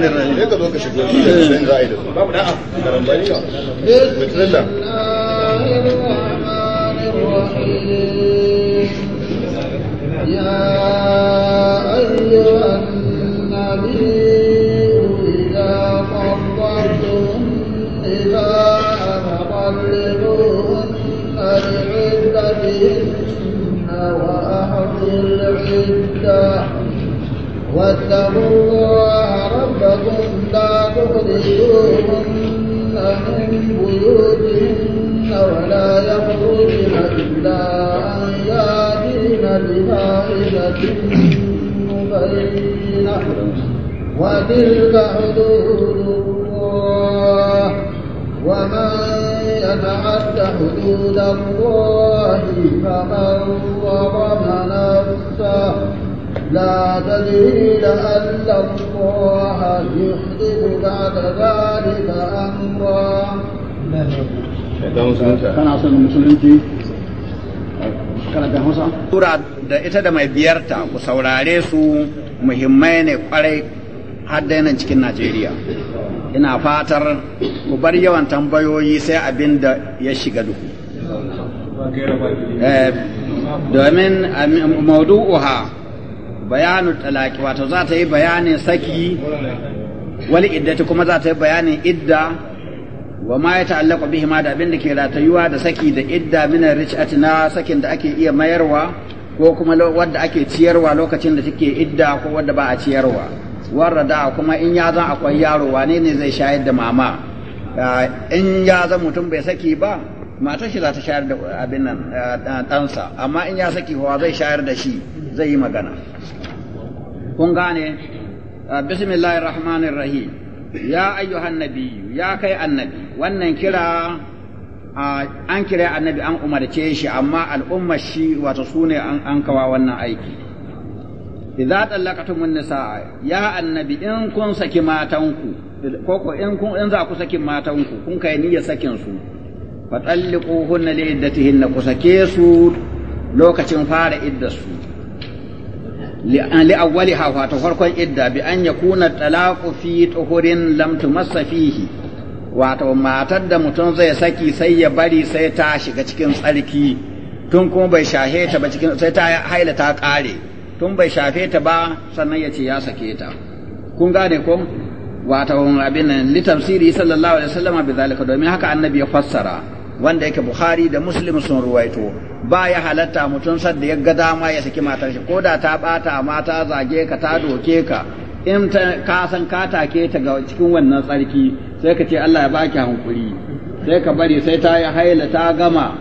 إيه إيه يا أيها النبي إذا قضيتم إلى فطلقوهن العدة واتقوا لكم لا تخرجوهن من بيوتهن ولا يخرجن إلا أن يأتين بفاحشة مبينة وتلك حدود الله ومن يتعد حدود الله فمن ظلم نفسه لا تدري لعل الله يحدث بعد ذلك أمرا tura da ita da mai biyarta ku saurare su muhimmai ne kwarai har nan cikin najeriya ina fatar ku bar yawan tambayoyi sai abin da ya shiga duhu eh, domin eh, maudu'uha bayanu talaki wato za ta yi bayanin saki wal iddati kuma za ta yi bayanin idda wa ma ya ta'allaqu bihi ma da abin ke ratayuwa da saki da idda min rich'ati na sakin da ake iya mayarwa ko kuma wadda ake ciyarwa lokacin da take idda ko wadda ba a ciyarwa warrada kuma in ya zan akwai yaro wane ne zai shayar da mama ah, in ya zan mutum bai saki ba matar shi za ta shayar da abin nan eh, ɗansa amma in ya saki kowa zai shayar da shi zai yi magana kun gane eh, bismillahir rahmanir rahim ya ayyuhan nabiyyu ya kai annabi wannan kira an kira annabi an umarce shi amma al'ummar shi wato sune an kawa wannan aiki idza tallaqatumun nisaa ya annabi in kun saki matanku ko ko in kun in za ku saki matanku kun kai niyyar sakin su fatalliquhunna li iddatihinna ku sake su lokacin fara iddarsu li awwaliha wato farkon idda bi an kuna talaku fi tuhurin lamtu tumassa fihi wato matar da mutum zai saki sai ya bari sai ta shiga cikin tsarki tun kuma bai shafe ta ba cikin sai ta haila ta kare tun bai shafe ta ba sannan ya ce ya sake ta kun gane ko wato abin nan li tafsiri sallallahu alaihi wasallam bi zalika domin haka annabi ya fassara wanda yake bukhari da muslim sun ruwaito ba ya halatta mutum sadda ya ga dama ya saki matar shi ko da ta bata ma ta zage ka ta doke ka in ta ka san ka take ta ga cikin wannan tsarki sai ka ce Allah ya baki hankuri sai ka bari sai ta yi haila ta gama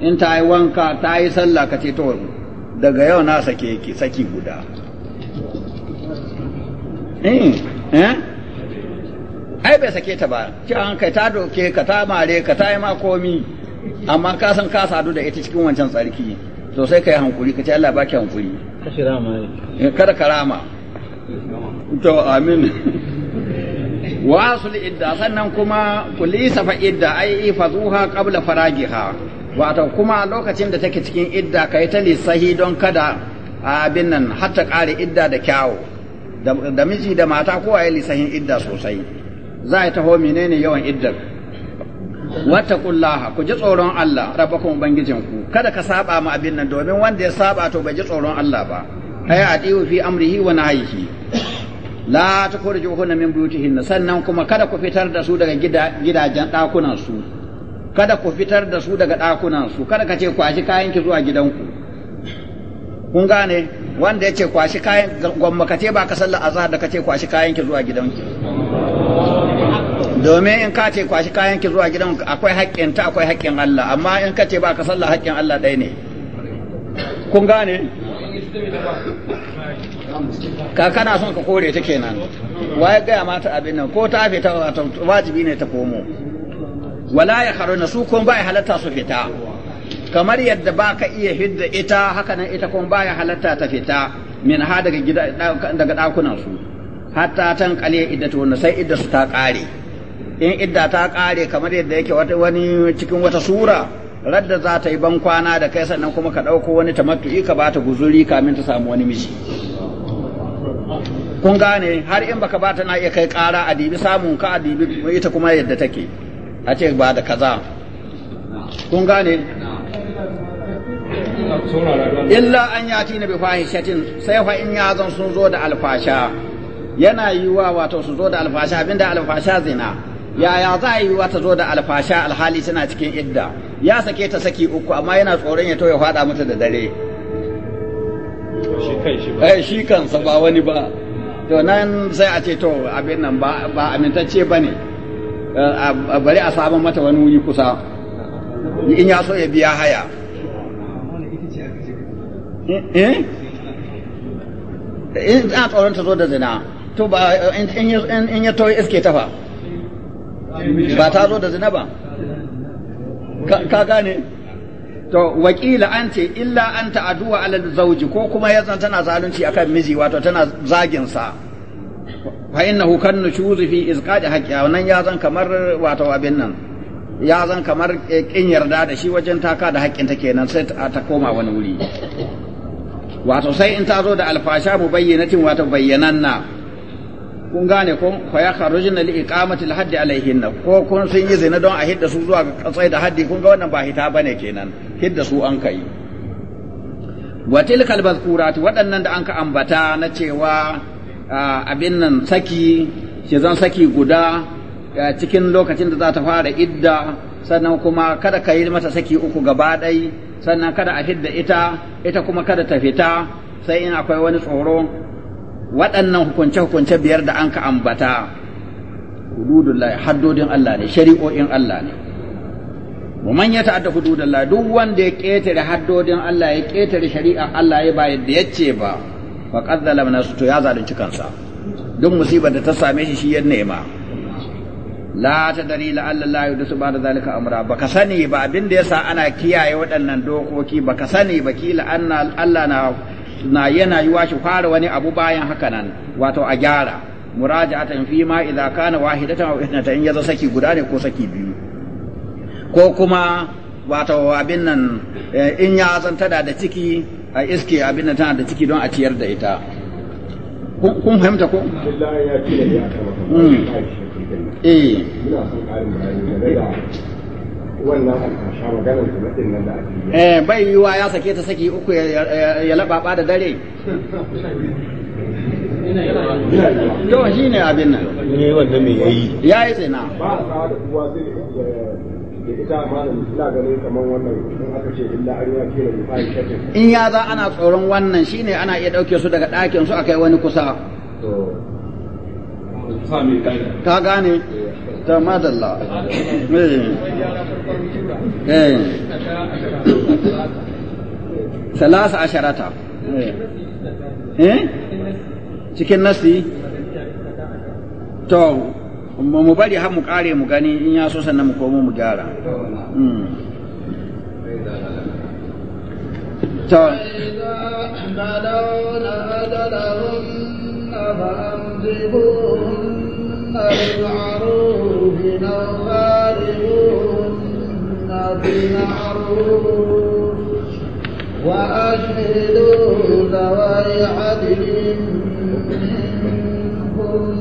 in ta yi wanka ta yi sallah ka ce to daga yau na sake ki saki guda eh eh ai bai sake ta ba ki an kai ta doke ka ta mare ka ta yi ma komi amma ka san ka sadu da ita cikin wancan tsarki to sai ka yi hankuri ka ce Allah baki hankuri eh, kada ka rama to amin wasul idda sannan kuma kulisa fa idda ai ifazuha qabla faragiha wato kuma lokacin da take cikin idda kai ta lissahi don kada abin nan hatta kare idda da kyawu da miji da mata kowa ya lissahin idda sosai za a taho menene yawan iddar wattaqullaha ku ji tsoron Allah rabbakum ubangijinku kada ka saba ma abin nan domin wanda ya saba to bai ji tsoron Allah ba ay adiu fi amrihi wa nahyihi la tukhrijuhunna min buyutihinna sannan kuma kada ku fitar da su daga gidajen dakunan su kada ku fitar da su daga dakunan su kada ka ce kwashi kayan ki zuwa gidanku kun gane wanda ya ce kwashi kayan gwamma ka ce ba ka sallar azhar da ka ce kwashi kayan ki zuwa gidanki domin in ka ce kwashi kayan ki zuwa gidan akwai haƙƙin ta akwai haƙƙin Allah amma in ka ce ba ka sallah haƙƙin Allah ɗaya ne kun gane ka kana son ka kore ta kenan waye gaya mata abin nan ko ta fita wajibi ne ta komo wala ya na su kun ba ya halatta su fita kamar yadda ba ka iya hidda ita haka nan ita kuma ba ya halatta ta fita min ha daga gida daga dakunan su hatta tan kale idda ta sai idda su ta ƙare in idda ta kare kamar yadda yake wani cikin wata sura radda za ta yi ban kwana da kai sannan kuma ka ɗauko wani tamattu'i ka bata guzuri kamin ta samu wani miji kun gane har in baka bata na iya kai ƙara a dibi samun ka a dibi ita kuma yadda take a ce ba da kaza kun gane illa an ti na bifahi shatin sai fa in ya zan sun zo da alfasha yana yiwa wato su zo da alfasha abinda alfasha zina yaya za a yi wa ta zo da alfasha alhali suna cikin idda ya sake ta saki uku amma yana tsoron ya to ya faɗa mata da dare shi eh, shi kansa ba wani ba to nan sai a ce to abin nan ba amintacce ba ne eh, bari a samu mata wani wuri kusa in ya so ya biya haya eh, in a tsoron ta zo da zina to ba in ya to iske tafa ba ta zo da zina ba ka gane to wakila an ce illa an ta'aduwa ala zauji ko kuma ya zan tana zalunci akan miji wato tana zagin sa fa innahu kan nushuzi fi izqadi haqqi wannan ya zan kamar wato abin nan ya zan kamar eh, kin yarda da shi wajen taka da haƙƙin ta kenan sai ta koma wani wuri wato sai in ta zo da alfasha mu bayyanatin wato bayyananna kun gane ko fa ya kharujna li iqamati al alaihin ko kun sun yi zina don a hidda su zuwa ga tsai da haddi kun ga wannan ba hita bane kenan hidda su an kai wa tilka waɗannan da anka ambata na cewa abin nan saki shi zan saki guda cikin lokacin da za ta fara idda sannan kuma kada ka yi mata saki uku gaba ɗai sannan kada a hidda ita ita kuma kada ta fita sai in akwai wani tsoro waɗannan hukunce-hukunce biyar da an ka ambata hududullah haddodin Allah ne shari'o'in Allah ne mu manya ya ta'adda hududullah duk wanda ya ƙetare haddodin Allah ya ƙetare shari'a Allah ya ba yadda ya ce ba fa qad nasu to ya zalunci kansa duk musibar da ta same shi shi ya nema la ta dari la Allah la yudu ba da zalika amra baka sani ba abin da yasa ana kiyaye waɗannan dokoki baka sani ba kila anna Allah na na yana yi shi fara wani abu bayan haka nan wato a gyara muraja'atan fi ma idza kana wahidatan aw in yazo saki guda ne ko saki biyu ko kuma wato abin nan eh, in ya zanta da ciki a iske abin nan tana da ciki don a ciyar da ita kun fahimta ko hmm. eh eh bai yiwa ya sake ta saki uku ya laɓaɓa da dare to shi ne abin nan ne eh, wanda mai yayi Ya yi tsina ba a da kuwa zai da ita malam ina ganin kamar wannan in aka ce illa ariya ke da bukari in ya za ana tsoron wannan shine ana iya dauke su daga ɗakin su akai wani kusa ka gane ta madalla eh salasa eh. asharata eh. eh cikin nasi to mu bari har mu kare mu gani in ya so sannan mu komo mu gyara hmm. to فأمسكوهن بالمعروف أو فارقوهن بالمعروف وأشهدوا ذوي عدل منكم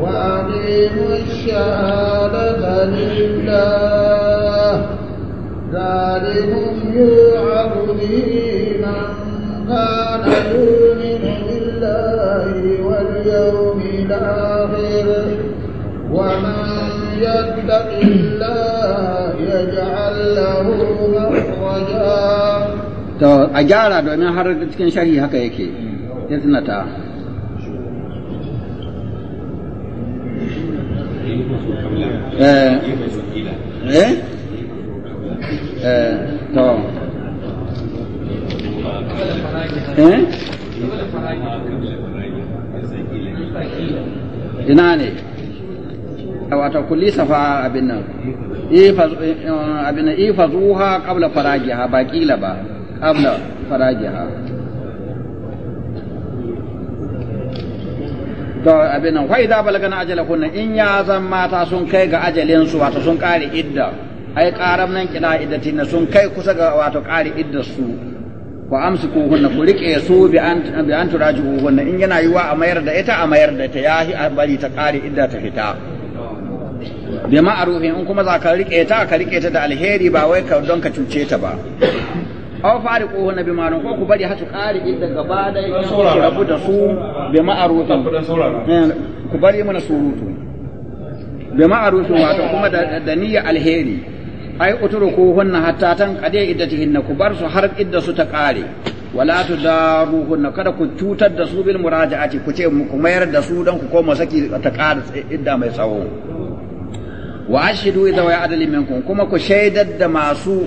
وأقيموا الشهادة لله ذلكم a gyara domin har cikin shari haka yake isnata eh eh eh to eh ina ne wata kulli safa abin nan eh, abin na ifa zuwa kabla faragi ha ba kila ba qabla farajiha to abin nan fa idza balagana ajalahunna in ya zan mata sun kai ga ajalin su wato sun kare idda ai karam nan kila iddatina sun kai kusa ga wato kare idda su wa amsikuhunna ku kunna ku rike su bi an bi an kunna, in yana yiwa a mayar da ita a mayar da ta yahi a bari ta kare idda ta fita bi ma'arufin in kuma za ka rike ta ka rike ta da alheri ba wai ka don ka cuce ta ba aw ko na bi malun ko ku bari hasu qari idda gaba da ku rabu da su bi ma'arufin eh, ku bari mana surutu bi ma'arufin wato kuma da niyya alheri ai Uturu utruku hunna hatta tan qade iddatihinna ku bar su har idda su ta qare wala tu tudaruhunna kada ku cutar da su bil muraja'ati ku ce ku mayar da su dan ku koma saki ta qare idda mai tsawo wa ashidu idza wa adli minkum kuma ku shaidar da masu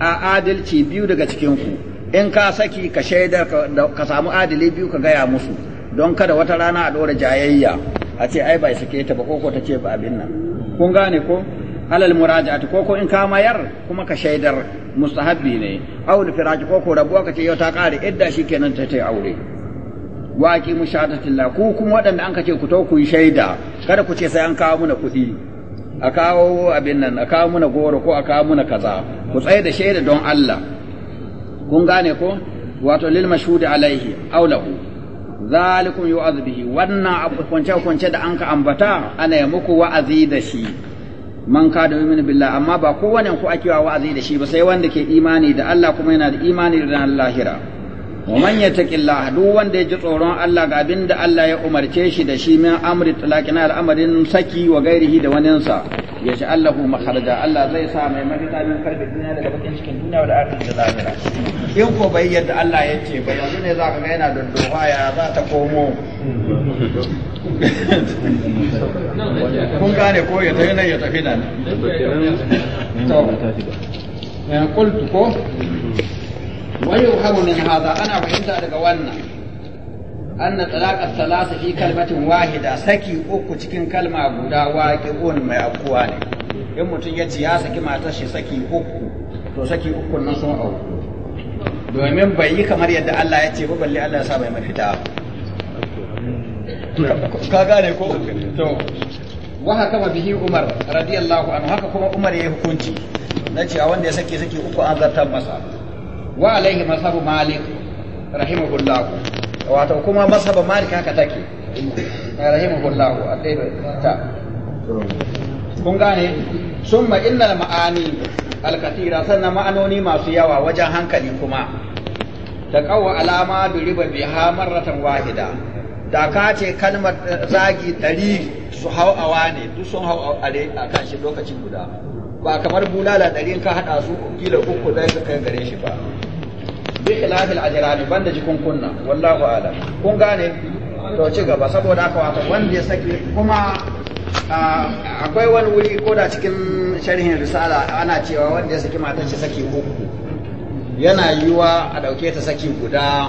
a adalci biyu daga cikin ku in ka saki ka shaidar ka samu adali biyu ka gaya musu don kada wata rana a ɗora jayayya a ce ai bai sake ta ba ko ta ce ba abin nan kun gane ko alal muraja'ati ko ko in ka mayar kuma ka shaidar mustahabbi ne aw da firaj ko ko rabuwa ce yau ta kare idda shikenan ta ta aure wa aqimu ku kuma wadanda an ka ce ku to ku shaida kada ku ce sai an kawo muna kuɗi a kawo abin nan a kawo muna goro ko a kawo muna kaza ku tsaye da shaida don Allah kun gane ko wato lil mashhudi alaihi aw lahu zalikum yu'adh bihi wannan kunce kunce da anka ambata ana ya muku wa'azi da shi man da yu'minu billah amma ba kowane ku ake wa'azi da shi ba sai wanda ke imani da Allah kuma yana da imani da lahira wa man yattaqillaha duk wanda ya ji tsoron Allah ga abin da Allah ya umarce shi da shi min amri talaqina al'amarin saki wa gairihi da waninsa ya ji Allahu makharaja Allah zai sa mai mafita min karbi duniya daga bakin cikin duniya da akhir da lahira in ko bai yadda Allah ya ce ba yanzu ne za ka ga yana dondowa ya komo kun gane ko ya tafi nan eh, ko ويوهم من هذا ana fahimta daga wannan أن طلاق الثلاثة في كلمة واحدة سكي أكو cikin kalma guda waqi'un mai akuwa ne in mutum ya ci ya saki matar shi saki uku to saki uku nan sun auku domin bai yi kamar yadda Allah ya ce ba balle Allah ya sa bai mafita ka gane ko to wa haka ma bihi Umar radiyallahu anhu haka kuma Umar ya yi hukunci nace a wanda ya saki saki uku an zartar masa wa alaihi mazhabu malik rahimahullahu wato kuma mazhabu malik haka take rahimahullah ta kun gane summa innal ma'ani alkatira sannan ma'anoni masu yawa wajen hankali kuma da kawo alama bi ha maratan wahida da ka ce kalmar eh, zagi ɗari su hau awa ne duk sun hau a kan lokacin lokaci guda ba kamar bulala ɗari ka haɗa su kila uku zai ka kai gare shi ba bi khilafil ajrani banda jikun kunna wallahu ala kun gane to ci gaba saboda haka wato wanda ya saki kuma akwai wani wuri ko da cikin sharhin risala ana cewa wanda ya saki matan shi saki uku yana yiwa a dauke ta saki guda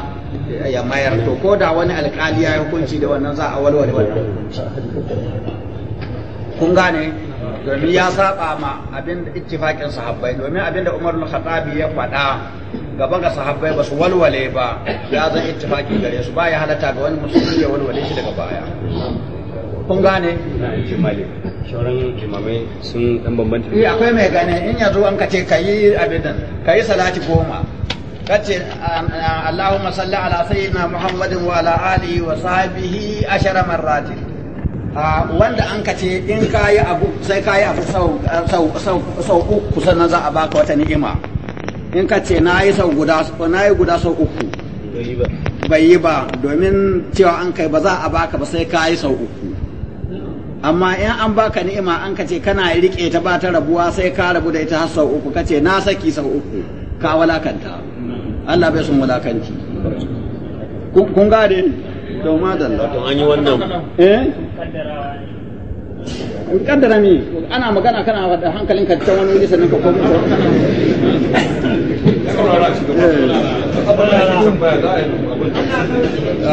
ya mayar to ko da wani alkali ya hukunci da wannan za a walwale wannan kun gane domin ya saba ma abin da ittifaqin sahabbai domin abin da Umar bin Khattab ya faɗa gaba ga sahabbai ba su walwale ba ya zan ittifaki gare su ba ya halatta ga wani musulmi ya walwale shi daga baya kun gane sauran imamai sun dan bambanta eh akwai mai gane in yanzu an kace kayi abidan kayi salati goma kace Allahumma salli ala sayyidina Muhammadin wa ala alihi wa sahbihi ashara marrati wanda an kace in kayi abu sai kayi abu sau sau sau uku sannan za a baka wata ni'ima in ka ce na yi sau guda na yi guda sau uku bai yi ba domin cewa an kai ba za a baka ba sai ka yi sau uku amma in an baka ni'ima an ka ce kana riƙe ta ba ta rabuwa sai ka rabu da ita har sau uku ka ce na saki sau uku ka walakanta Allah bai sun walakanci kun gane to madalla an yi wannan eh kaddara mi ana magana kana da hankalinka ta wani wuri sannan ka komo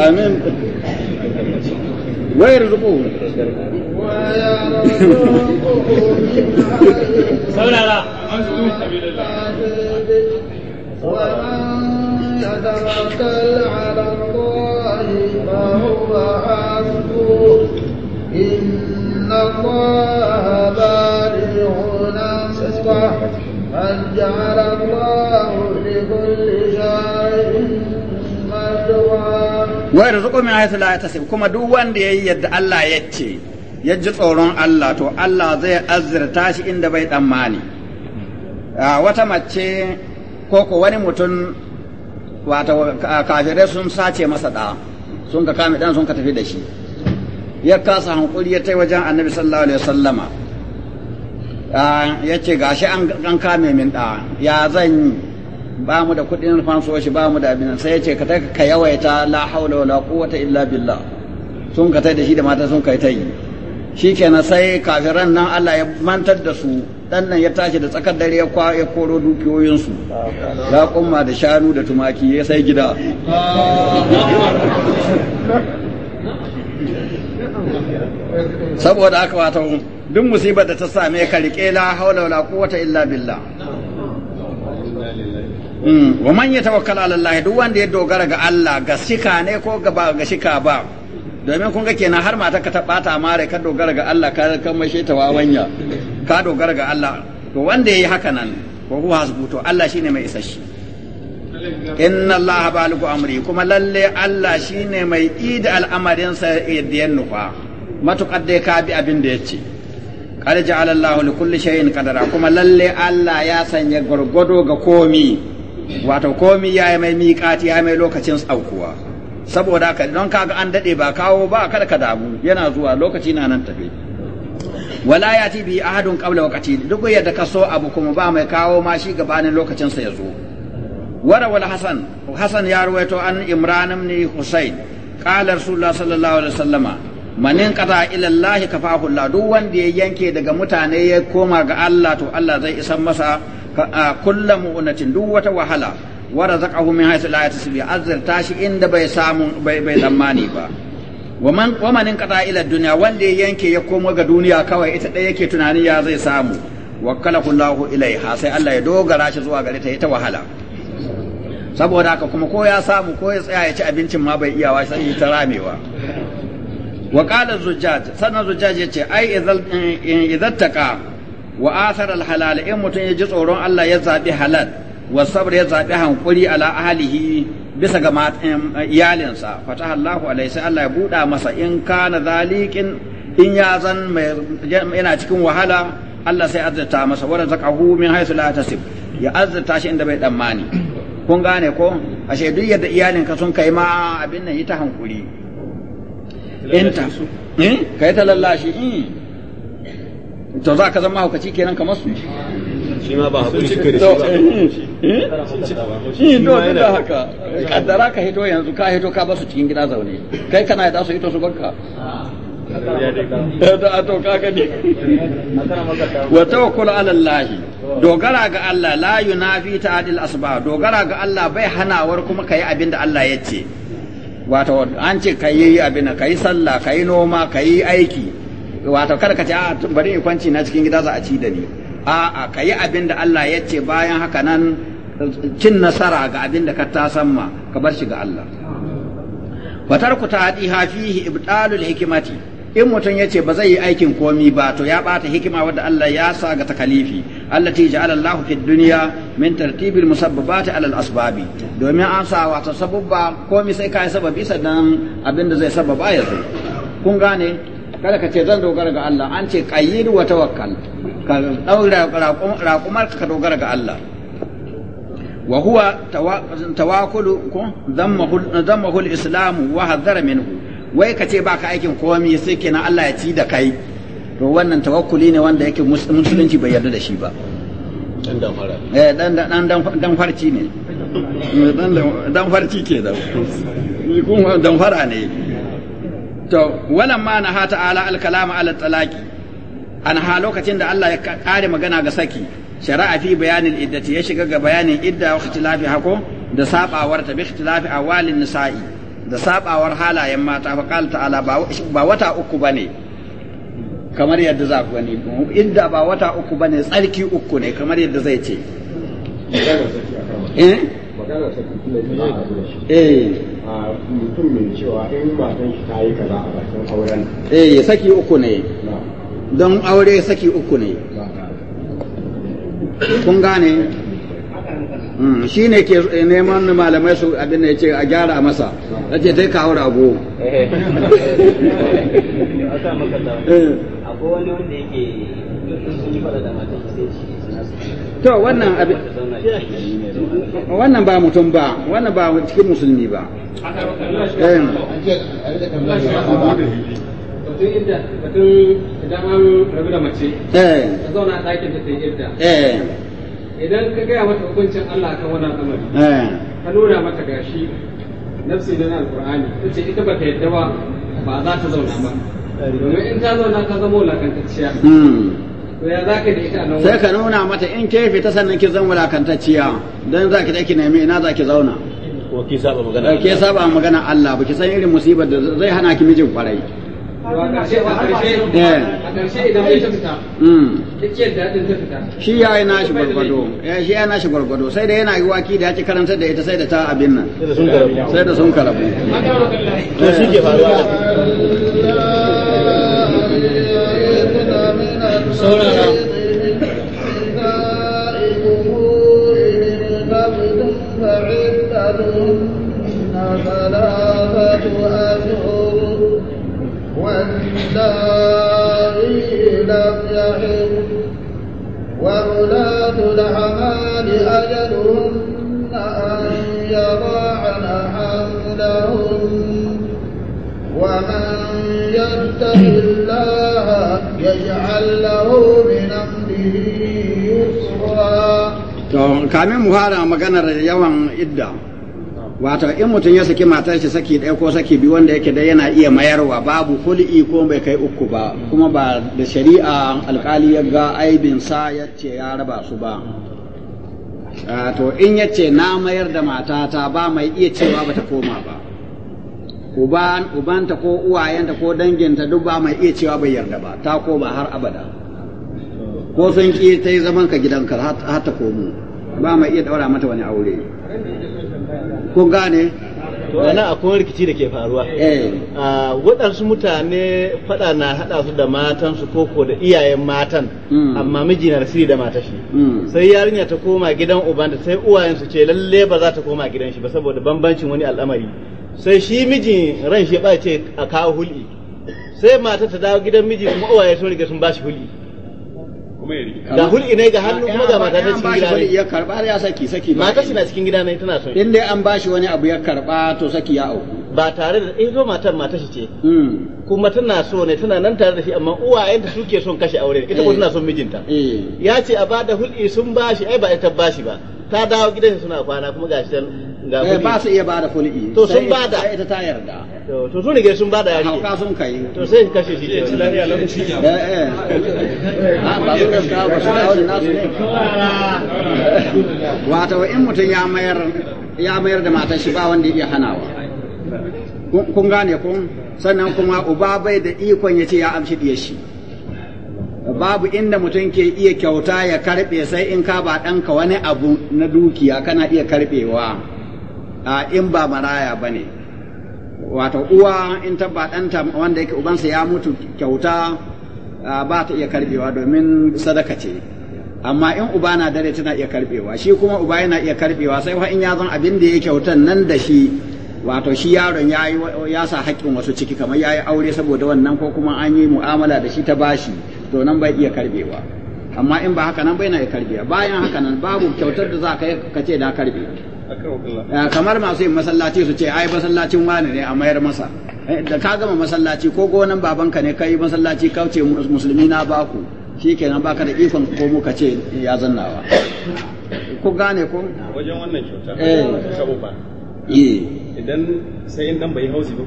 amin wayar rubu saurara إن الله بارئ min ayatul kuma duk wanda yayi yadda Allah ya ce ya ji tsoron Allah to Allah zai azzirta shi inda bai tsammani wata mace ko ko wani mutum wato kafirai sun sace masa da sun ka kame sun ka tafi da shi ya kasa hankuri ya tai wajen annabi sallallahu alaihi wasallama ah, ya ce gashi an kame min da ya zan yi ba mu da kuɗin fanso shi ba mu da abin sai ya ce ka ka yawaita la haula wala quwwata illa billah sun ka tai da shi da mata sun kai ta yi kenan sai kafiran nan Allah ya mantar da su dan nan ya tashi da tsakar dare ya kwa ya koro dukiyoyin su da shanu da tumaki ya sai gida saboda haka wato duk musibar da ta same ka rike la haula wala quwwata illa billah mm. wa man yatawakkal ala Allah duk wanda ya dogara ga Allah ga shika ne ko ga ba ga shika ba domin kun ga kenan har mata ka ta bata mare ka dogara ga Allah ka kan mai sheta wawanya ka dogara ga Allah to wanda yayi haka nan ko ku hasbu to Allah shine mai isashi inna Allah baliku amri kuma lalle Allah shine mai ida al'amarin sa yadda nufa matuƙar dai ka bi abin da ya ce qad ji Allahu li kulli shay'in qadara kuma lalle Allah ya sanya gwargwado ga komi wato komi ya yi mai miƙati ya yi mai lokacin aukuwa saboda haka don kaga an dade ba kawo ba kada ka damu yana zuwa lokaci na nan tafi wala ya ti bi ahadun qabla wakati. duk yadda ka so abu kuma ba mai kawo ma shi gabanin lokacin sa ya zo wara wala hasan hasan ya ruwaito an imran ibn husayn qala rasulullah sallallahu alaihi wasallama manin kata ila Allah kafahu duk wanda ya yanke daga mutane ya koma ga Allah to Allah zai isan masa kullu mu'unatin duk wata wahala wa razaqahu min haythu la yatasbi azrta shi inda bai samu bai bai zamani ba Wa manin kata ila dunya wanda ya yanke ya koma ga duniya kawai ita dai yake tunani ya zai samu wakkalahu Allah ilaiha sai Allah ya dogara shi zuwa gare ta ita wahala saboda haka kuma ko ya samu ko ya tsaya ya ci abincin ma bai iyawa sai ta ramewa wa qala zujjaj sannan zujjaj ce, ai idan taqa wa athar al in mutum ya ji tsoron Allah ya zabi halal wa da ya zabi hankuri ala ahlihi bisa ga iyalinsa fataha Allahu alaihi sai Allah ya buɗa masa in kana zalikin in ya zan yana cikin wahala Allah sai azzata masa wa razaqahu min haythu la tasib ya azzata shi inda bai tsammani kun gane ko ashe duk yadda iyalinka sun kai ma abin nan ta hankuri eh kai ta lallashi eh hmm. to za ka zama haukaci kenan kamar su shi ma ba haƙuri suka da shi eh, hmm. Hmm? to da haka kaddara ka hito yanzu ka hito ka ba su cikin gida zaune kai kana da su hito su barka da to ka gani wa tawakkul ala Allah dogara ga Allah la yunafi ta'dil asba dogara ga Allah bai hanawar kuma kai abin da Allah ya ce wato an ce ka yi abin ka yi sallah ka yi noma ka yi aiki wato kada ka ce a ah, bari in kwanci na cikin gida za a ci da ni a a ka yi abin da Allah ya ce bayan haka nan cin nasara ga abin da ka ma ka bar shi ga Allah Fatarku ku ta hadi hafihi ibtalul hikimati in mutum ya ce ba zai yi aikin komi ba to ya bata hikima wadda Allah ya sa ga takalifi allati ja'ala Allah fi dunya min tartibil musabbabati ala al-asbabi domin an sa wata sababba komi sai kai sababi sannan abinda zai sababa ya zo kun gane kada ka ce zan dogara ga Allah an ce qayyid wa tawakkal ka daura raƙumar ka dogara ga Allah wa huwa tawakkulu ko dhammahu dhammahu al-islam wa hadhara minhu wai ka ce ba ka aikin komi sai kenan Allah ya ci da kai to wannan tawakkuli ne wanda yake musulunci bai yarda da shi ba dan eh, dan fara eh dan dan farci ne dan farci ke da kuma dan fara ne to wannan ma na ha ta'ala al kalam ala talaqi an ha lokacin da Allah ya kare magana ga saki shari'a fi bayanin iddati ya shiga ga bayanin idda wa ikhtilafi hako da sabawarta bi ikhtilafi awalin nisa'i da sabawar halayen mata fa qala ta'ala ba wata uku bane kamar yadda za ku gani idda ba wata uku bane tsarki uku ne kamar yadda zai ce eh, eh. mutum mai cewa in matan shi ta yi kaza a bakin auren eh saki uku ne don aure saki uku ne kun gane Mm, shi ne ke neman malamai su abin da ya ce a gyara masa da ce ta yi kawo rago to wannan abin wannan ba mutum ba wannan ba cikin musulmi ba batun idda batun idan an rabu da mace eh. zauna a ɗakin da ta yi idda eh. idan ka gaya mata hukuncin Allah kan wannan al'amari eh. ka nuna mata gashi nafsi na alqur'ani tace ita bata yadda ba ba za ta zauna ba domin in ta zauna ta zama wulakantacciya hmm. sai ka nuna mata in ke fita sannan ki zan wulakantacciya don za ki ki nemi ina za ki zauna ko ki saba magana Allah ba ki san irin musibar da zai hana ki mijin kwarai shi ya yi nashi gwargwado eh, shi ya nashi gwargwado sai da yana yi waki da ya ci karantar da ita sai da ta abin nan sai da sun karabu to shi ke faruwa اللائي لم يحن وولاة الأعمال أجلهن أن يضاعن حملهن ومن يتق الله يجعل له من أمره يسرا. To, kamin mu fara wato in mutum ya saki matar shi saki ɗaya ko saki biyu wanda yake da yana iya mayarwa babu kul'i ko bai kai uku ba kuma ba da shari'a alkali ya ga aibin sa ya ce ya raba su ba to in ya ce na mayar da matata ba mai iya cewa ba ta koma ba uban ubanta ko uwayenta ko danginta duk ba mai iya cewa bai yarda ba ta koma har abada ko sun ki ta yi zaman ka gidanka har ta komo ba mai iya daura mata wani aure kun gane a akwai rikici da ke faruwa eh. waɗansu mutane faɗa na haɗa su da matansu koko da iyayen matan hmm. amma miji na siri da mata shi hmm. sai yarinya ta koma gidan da sai uwayensu ce lalle ba za ta koma gidan shi ba saboda bambancin wani al'amari sai shi mijin ran shi ya ce a kawo hul'i sai mata ta dawo gidan miji kuma uwaye sun riga sun ba shi hul'i kuma ya riki ga ne ga hannu kuma ga mata ta cikin gida ne ya karba ya saki saki mata shi na cikin gida ne tana so in dai an bashi wani abu ya karba to saki ya auku ba tare da eh zo matan mata shi ce hmm. kuma tana so ne tana nan tare da shi amma uwayenta suke son kashe aure ita kuma eh. tana son mijinta eh. ya ce a bada hulki sun bashi ai ba ita bashi ba ta dawo gidansa suna kwana kuma shi ga eh, kuɗi ba su iya bada fulgi to sun bada sai ita ta yarda to sun rige sun bada yari hauka sun kai to sai kashe shi ke lafiya lokaci ya eh, eh. a ah, ba su kaska ba su da wani nasu ne wato in mutum ya mayar ya mayar da matar shi ba wanda ya hanawa kun gane kun sannan kuma uba bai da ikon ya ce ya amshi diyar shi babu inda mutum ke iya kyauta ya karɓe sai in ka ba ɗanka wani abu na dukiya kana iya karɓewa a in ba maraya ba ne wata uwa in ba ɗanta wanda yake ubansa ya mutu kyauta ba ta iya karɓewa domin sadaka ce amma in uba na dare tana iya karɓewa shi kuma uba yana iya karɓewa sai in ya zan abin da ya kyautan nan da shi wato shi yaron ya ya sa haƙƙin wasu ciki kamar ya yi aure saboda wannan ko kuma an yi mu'amala da shi ta bashi to nan bai iya karbewa amma in ba haka nan bai na iya karbewa bayan haka nan babu kyautar da za ka yi ka ce da karbe eh, kamar masu yin masallaci su ce ai masallacin wani ne a mayar masa eh, da ka gama masallaci ko gonan babanka ne ka yi masallaci kauce musulmi na baku shi kenan baka da ikon komo ka ce ya zannawa ku gane ko wajen wannan kyauta eh. ta uba idan sai in dan bai hausi ba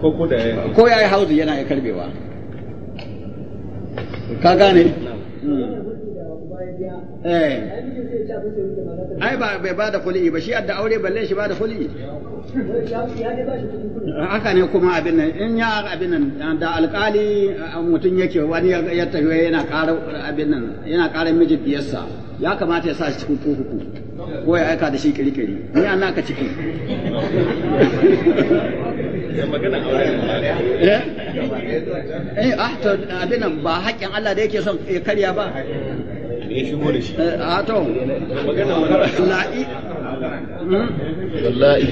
ko ko da ko yayi hausi yana ya karbewa ka gane hmm. eh ai ba bai ba da kuli'i ba shi adda aure balle shi ba da kuli'i haka ne kuma abin nan in ya abin nan da alkali mutum yake wani ya tafi yana ƙara abin nan yana ƙara miji biyarsa ya kamata ya sa shi cikin kurkuku ko ya aika da shi kirkiri ni an naka ciki Eh? eh ah to abin nan ba haƙƙin Allah da yake son ya karya ba a eh, ah, to magana la'i wallahi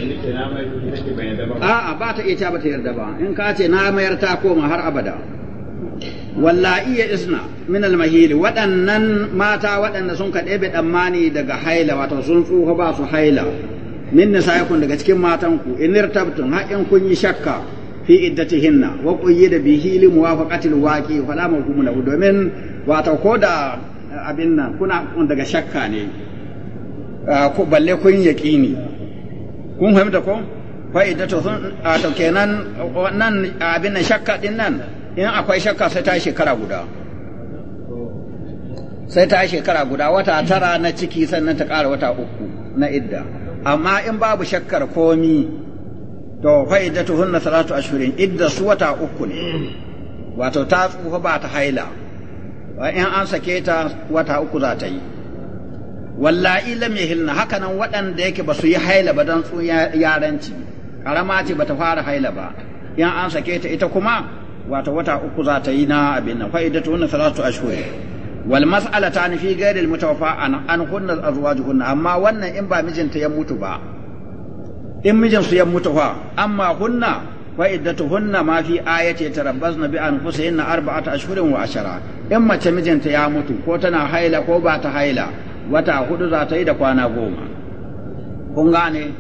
hmm? ba ta iya ba ta yarda ba in ka ce na mayar ta koma har abada wallahi ya isna min almahili waɗannan mata waɗanda sun ka ɗebe ɗammani daga haila wato sun tsufa ba su haila min nisaikum daga cikin matanku in irtabtum ha in kun yi shakka fi iddatihinna wa qayyida bihi li muwafaqatil waqi fala mahkum lahu domin wato ko da eh, abin nan kuna kun daga shakka ne eh, ko balle kun yaqini kun fahimta ko fa iddatu a ah, to kenan wannan ah, abin nan shakka din nan in akwai shakka sai ta shekara guda sai ta shekara guda wata tara na ciki sannan ta ƙara wata uku na idda amma in babu shakkar komi to faidatuhunna salatu ashurin idda su wata uku ne wato ta tsufa ba ta haila in an sake ta wata uku za ta yi wallahi lam yahilna haka nan waɗanda yake ba su yi haila ba dan tsun yaranci karama ce bata fara haila ba in an sake ta ita kuma wato wata uku za ta yi na abin nan hunna salatu ashurin wal ta an fi ghairi al mutawaffa an an hunna azwajuhunna amma wannan in ba mijinta ya mutu ba in mijin su ya mutu fa amma hunna fa iddatuhunna ma fi ayati tarabbasna bi anfusihinna arba'ata ashhurin wa ashara in mace mijinta ya mutu ko tana haila ko ba ta haila wata hudu za ta yi da kwana goma kun gane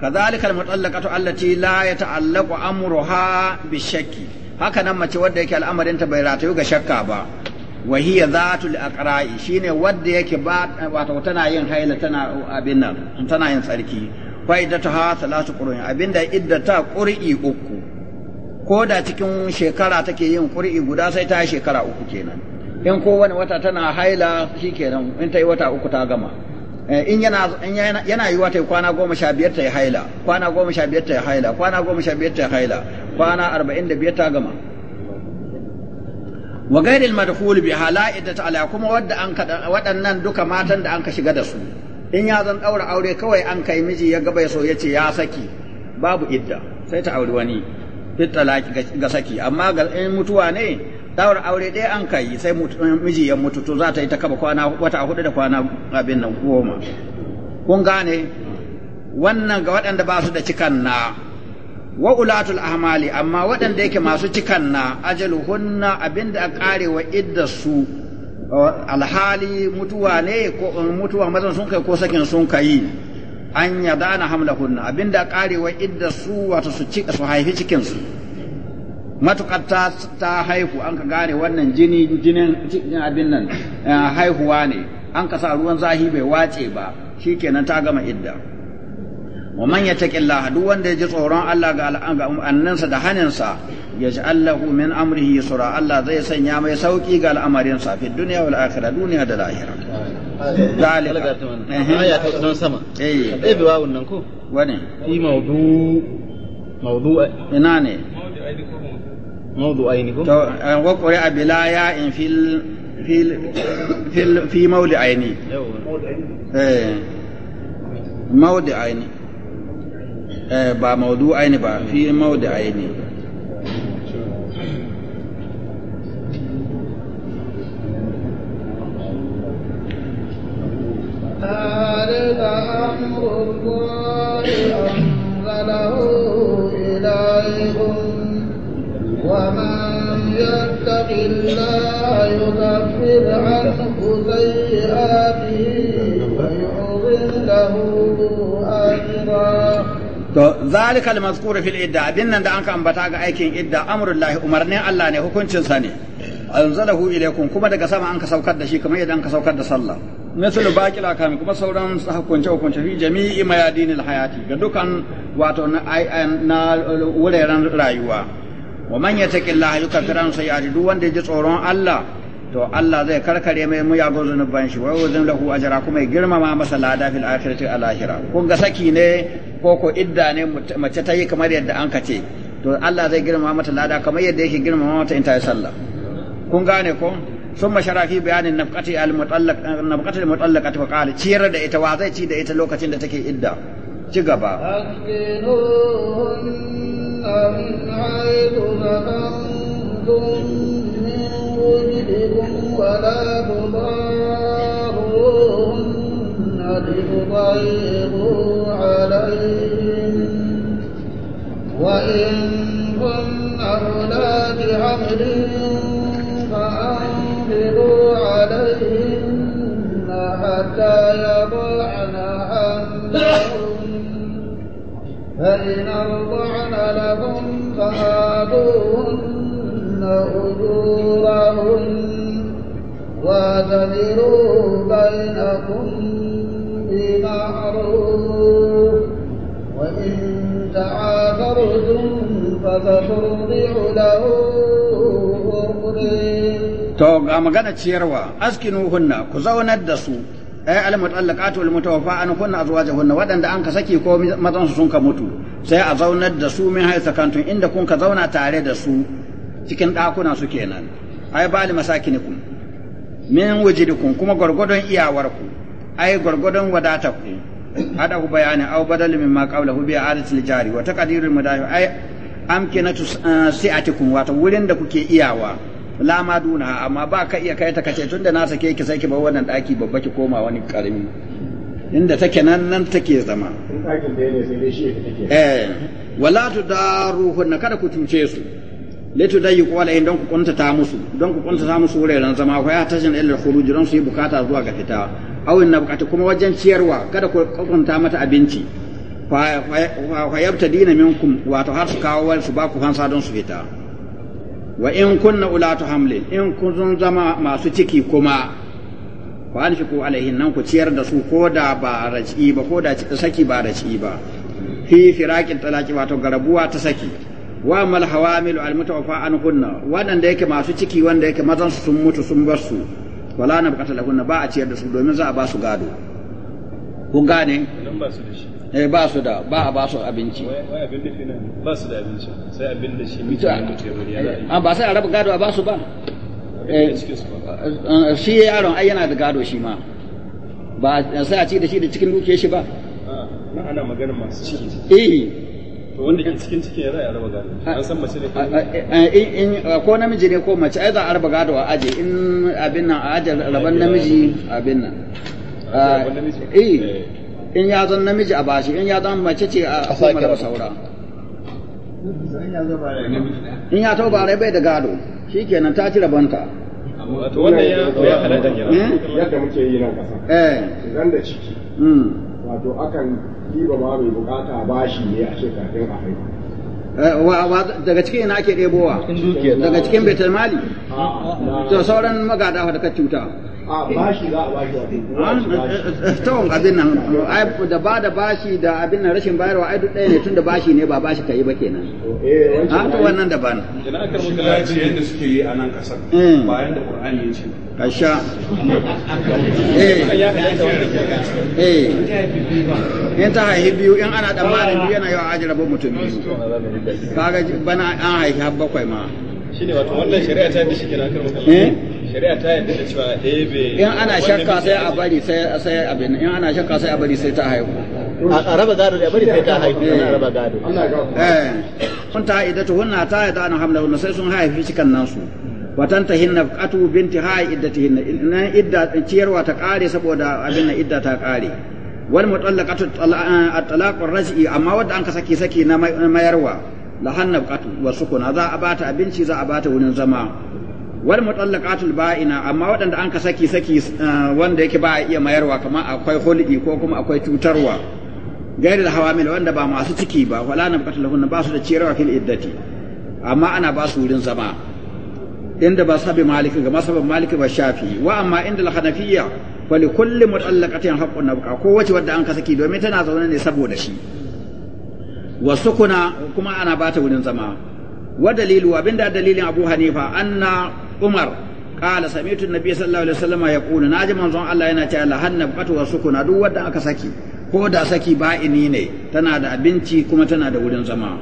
كذلك المطلقة التي لا يتعلق أمرها shakki haka nan mace wadda yake al'amarinta bai ratayu ga shakka ba wa hiya zatul aqra'i shine wadda yake ba wato tana yin haila tana abin nan tana yin tsarki ha salatu qur'in abinda iddata qur'i uku ko da cikin shekara take yin qur'i guda sai ta shekara uku kenan in kowane wata tana haila shikenan in ta yi wata uku ta gama eh, in yana yana yi wata kwana goma sha biyar ta yi haila kwana goma sha biyar ta yi haila kwana goma sha biyar ta yi haila kwana arba'in da biyar ta gama wa gairil madkhul bi ta ala kuma wadda an waɗannan duka matan da an ka shiga da su in ya zan daura aure kawai an kai miji ya gaba so yace ya saki babu idda sai ta auri wani fit ga saki amma ga in mutuwa ne daura aure ɗaya an kai sai miji ya mutu to za ta yi ta kaba kwana wata hudu da kwana abin nan goma kun gane wannan ga waɗanda ba su da cikan na wa ulatul ahmali amma waɗanda yake masu cikan na ajaluhunna abinda a wa idda su alhali mutuwa ne ko mutuwa mazan sun kai ko sakin sun kai an ya dana hamlahunna abinda a wa idda su wato su cika su haifi cikin su matukar ta, ta haihu an ka gane wannan jini jinin abin nan eh, haihuwa ne an ka sa ruwan zahi bai wace ba shikenan ta gama idda wa man yattaqillaha duk wanda ya ji tsoron Allah ga annansa da haninsa yaj'al lahu min amrihi yusra Allah zai sanya mai sauki ga al'amarin sa fi dunya wal akhirah duniya da lahira dalika aya ta don sama eh eh bi wawun nan ko wane fi mawdu mawdu ina ne mawdu aini ko eh, wa qari'a bila ya in fil fil fi mawdi aini eh mawdi aini ba maudu'ai ne ba fi maudu'ai ne الله ومن يتق الله يكفر عنه سيئاته ويعظم له to zalikal mazkur fil idda abin nan da anka ambata ga aikin idda amrullahi umarnin Allah ne hukuncin sa ne anzalahu ilaykum kuma daga sama an ka saukar da shi kamar yadda an ka saukar da sallah misal baqil akami kuma sauran hukunce hukunce fi jami'i mayadinil hayati ga dukan wato na na wuraren rayuwa wa man yattaqillaha yukaffiran sayyi'ati duk wanda ya ji tsoron Allah to Allah zai karkare mai mu yago zunuban shi wa yuzin lahu ajra kuma ya girmama masa lada fil akhirati al kun ga saki ne ko ko idda ne mace ta yi kamar yadda an kace to Allah zai girmama mata lada kamar yadda yake girmama mata in ta yi sallah kun gane ko sun mashara fi bayanin nafqati al-mutallaq nafqati al-mutallaqati wa qala ciyar da ita wa zai ci da ita lokacin da take idda ci gaba ولا تضاروهم الأحد عليهم وإن كن أولاد حمل فأنفقوا عليهن حتى يضعن حملهن فإن أرضعن لهم فآتوهن أجورهن واعتذروا بينكم بمعروف وإن To ga magana ciyarwa, askinu hunna ku zaunar da su, ai al-mutallaqatu wal mutawaffa an kunna azwajuhunna waɗanda an ka saki ko mazan su sun ka mutu sai a zaunar da su min haisa kantum inda kun ka zauna tare da su cikin ɗakuna su kenan ai bali masakinikum min wajidikum kuma gwargwadon iyawarku ai gwargwadon wadata ku hada ku bayani au badal min ma hu bi adatil jari wa taqdirul mudahi ai amkinatu eh, si'atikum wato wurin da kuke iyawa la duna amma ba ka iya kai ta kace tunda na sake ki sai ki bar wannan daki babba ki koma wani karami inda take nan nan take zama eh wala na kada ku tuce su litu dai ku wala don ku ta musu don ku ta musu wuraren zama ko ya tashin ilal khuruj don su yi bukata zuwa ga fita awin na bukata kuma wajen ciyarwa kada ku kwanta mata abinci fa dina minkum wato har su kawo wani su ba ku don su fita wa in kunna ulatu hamlin in kun sun zama masu ciki kuma fa anfiqu alaihin nan ku ciyar da su ko da ba raci ba ko da saki ba raci ba fi firaqin talaki wato garabuwa ta saki wa mal hawamil al mutawaffa an kunna wanda yake masu ciki wanda yake mazan su sun mutu sun bar su wala na bukata lahunna ba a ciyar da su domin za a ba su gado kun gane eh ba su da ba a ba su abinci ba su da abinci sai abin da shi mutum ya mutu ya ah, ba sai a raba gado a ba su ba eh, eh, eh, shi yaron ai yana da gado shi ma ba sai a ci da shi da cikin dukiyar shi ba ah, ma'ana magana masu ciki eh wanda ke cikin ciki ya zai a an san mace ne ko eh, eh, eh, ko namiji ne ko mace ai za a raba gado a aje in abin nan a aje raban namiji abin nan ah, eh in ya zan namiji a bashi in ya zan mace ce a kuma da saura in ya zo ba bai da gado shikenan ta ci rabanta wannan ya ya halatta hmm? ya da muke yi nan kasa eh zan da ciki hmm. wato akan kiba ba mai bukata bashi ne a ce kafin a haihu eh, daga cikin ina ake ɗebowa daga cikin betul mali to sauran magada da ka cuta Eh, eh, Tawon abin nan, da ba da bashi da abin nan rashin bayarwa ai duk ɗaya ne tun da bashi ne ba bashi ka yi ba kenan. Eh, a ah, to wannan da ban. Ina aka muka yadda suke yi a nan ƙasar bayan da Ƙur'ani ya ce. Kasha. Eh. In ta haihi biyu in ana tsammanin biyu yana yawa ajiyar mutum biyu. Kaga bana an haihi har bakwai ma. Shi ne wato wannan shari'a ta yadda shi kenan shari'a ta da cewa eh, in ana shakka sai a bari sai sai abin in ana shakka sai a bari sai ta haihu a raba gado da bari sai ta haihu ana raba gado eh kun ta idatu hunna ta an hamla hunna sai sun haifi cikan nan su watan ta hinna binti iddati hinna idda ciyarwa ta kare saboda abin idda ta kare wal mutallaqatu at raj'i amma wadda an saki saki na mayarwa qatu wa sukuna za a bata abinci za a bata wurin zama wal mutallaqatul ba'ina amma waɗanda an ka saki saki uh, wanda yake ba a iya mayarwa kamar akwai hulɗi ko kuma akwai cutarwa gairil hawamil wanda ba masu ciki ba wala na bukatar lahunna ba su da ciyarwa fil iddati amma ana ba su wurin zama inda ba sabi maliki ga masabin maliki ba shafi wa amma inda al-hanafiyya wa li kulli mutallaqatin haqqun nabqa ko wace wadda an ka saki domin tana zaune ne saboda shi wa sukuna kuma ana ba ta wurin zama wa dalilu abinda dalilin Abu Hanifa anna umar kala sami'tu an sallallahu alaihi wasallam na ji manzon Allah yana cewa la hannabatu wa sukuna duk wanda aka saki ko da saki ba'ini ne tana da abinci kuma tana da wurin zama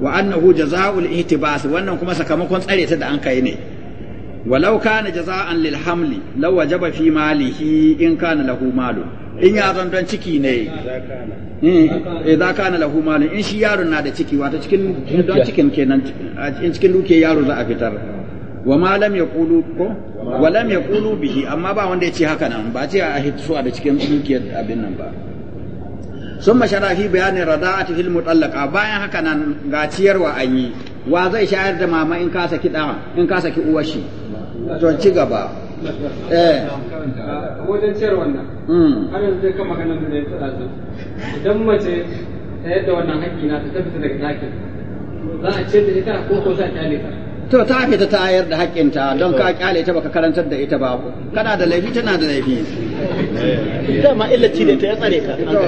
wa annahu jazaa'ul ihtibas wannan kuma sakamakon tsare ta da an kai ne walau kana jazaa'an lil hamli law wajaba fi malihi in kana lahu malu in ya zan don ciki ne eh, idza kana lahu malu in shi yaron na da ciki wato cikin don cikin kenan in cikin duke yaro za a fitar wa ma lam yaqulu ko wa lam yaqulu bihi amma ba wanda ya ce haka nan ba ce a hitsu da cikin dukiyar abin nan ba sun shara fi bayanin rada'ati fil mutallaqa bayan haka nan ga ciyarwa an yi wa zai shayar da mama in ka saki da in ka saki uwar shi to ci gaba eh wajen ciyar wannan hmm. har yanzu zai kama ganin da ya tsada idan mace ta yadda wannan hakki na ta tafi daga dakin za a ce da ita ko ko za a kyale ta to ta fita ta ayar da haƙƙinta don ka ƙyale ta baka karantar da ita ba kana da laifi tana da laifi dama illaci ne ta ya tsare ka kana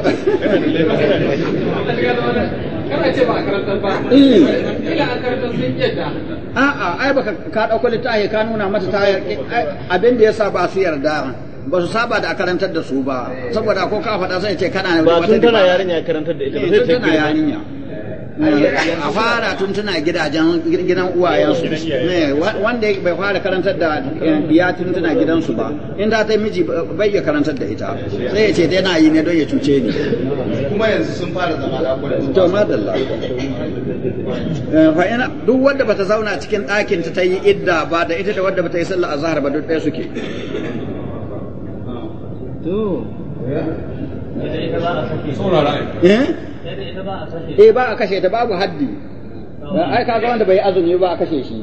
ce ba a karantar ba eh. ila a karantar sun yadda a'a ai baka ka dauko littafi ka nuna mata ta eh, abin da yasa ba su yarda ba su saba da a karantar da su ba saboda ko ka faɗa sai ce kana ba tun tana yarinya karantar da ita ba sai eh, tana yarinya a fara tun tuna gidajen gidan uwayensu wanda bai fara karantar da eh, biya tun tuna gidansu ba in da ta miji bai ya karantar da ita sai ya ce ta yana yi ne don ya cuce ni kuma yanzu sun fara zama da to madalla eh, fa ina duk wanda bata zauna cikin ɗakin ta ta yi idda ba da ita da wanda bata yi sallah azhar ba duk ɗaya suke to eh, eh? eh ba a kashe ta babu haddi ai kaga wanda bai azumi ba a kashe shi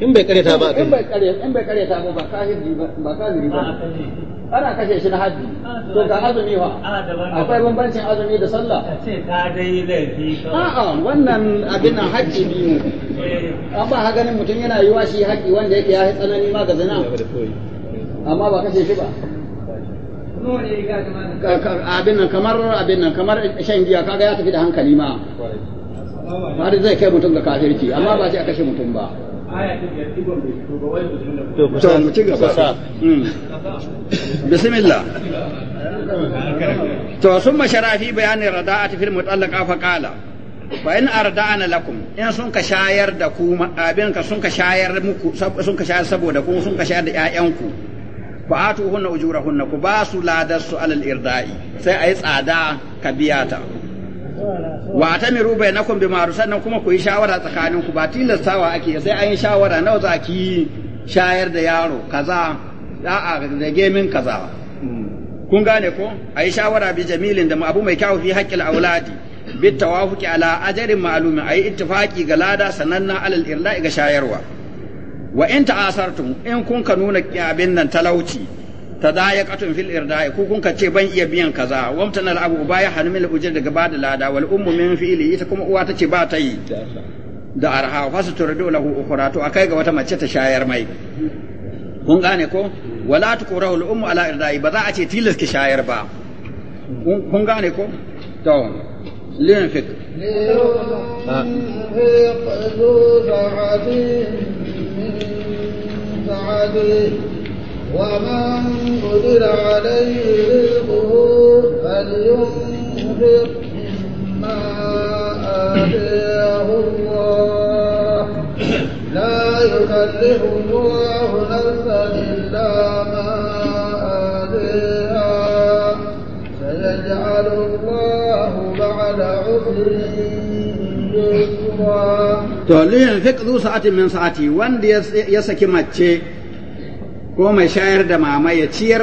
in bai kare ta ba in bai kare in bai kare ta ba ba kafiri ba ba kafiri ba ana kashe shi na haddi to ga azumi wa akwai bambancin azumi da sallah ce ka dai laifi a'a wannan abin na haddi biyu eh. an ba ganin mutum yana yiwa shi haddi wanda yake ya tsanani ma ga zina amma ba kashe shi ba abin nan kamar abin nan kamar shan giya kaga ya tafi da hankali ma har zai kai mutum ga kafirci amma ba sai a kashe mutum ba to mu ci gaba hmm. bismillah to summa sharafi bayanin rada'ati fil mutallaqa fa qala fa in arda'ana lakum in sun ka shayar da ku abin ka sun ka shayar muku sun ka shayar saboda ku sun ka shayar da ƴaƴanku hunna ujura hunna ku ba su ladar su alal irda'i sai ayi tsada ka biya ta wa ta miru bainakum bi ma'ruf sannan kuma ku yi shawara tsakanin ku ba tilastawa ake sai an yi shawara nawa za ki shayar da yaro kaza a rage min kaza kun gane ko ayi shawara bi jamilin da abu mai kyau fi haqqil auladi bi tawafuqi ala ajrin ma'lumin ayi ittifaqi ga lada sananna alal irda'i ga shayarwa wa in ta'asartum in kun ka nuna abin nan talauci ta tadayaqatun fil irda'i ku kun ka ce ban iya biyan kaza wamtana al abu baya hanmil ujr daga bada lada wal ummu min fi'li ita kuma uwa tace ba ta yi da arha fa su turdu lahu ukhra to akai ga wata mace ta shayar mai kun gane ko wala tuqrahu al ummu ala irda'i ba za a ce tilas ki shayar ba kun gane ko to lin fik من سعته ومن قدر عليه رزقه فلينفق مما آتاه الله لا يكلف الله نفسا إلا ما آتيها سيجعل الله بعد عسر to liyan fi zu sa'atin min sa'ati wanda ya saki mace ko mai shayar da mama ya ciyar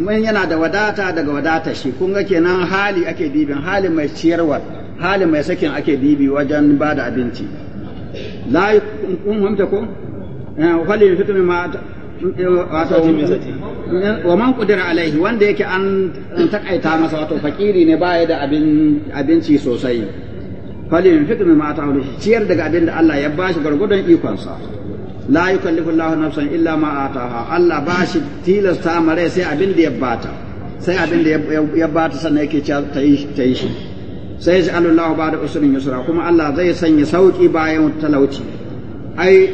mun yana da wadata daga wadata shi kun ga kenan hali ake dibin halin mai ciyarwa halin mai sakin ake dibi wajen ba da abinci la kun hamta ko falin fitu ma wa man kudira alaihi wanda yake an takaita masa wato fakiri ne baya da abinci sosai fali yunfiq mimma ata'ahu ciyar daga abin da Allah ya bashi gargudun ikonsa la yukallifu Allah nafsan illa ma ataha Allah bashi tilasta mare sai abin da ya bata sai abin da ya bata sannan yake ta yi ta yi shi sai ya Allah ba da usrin yusra kuma Allah zai sanya sauki bayan talauci ai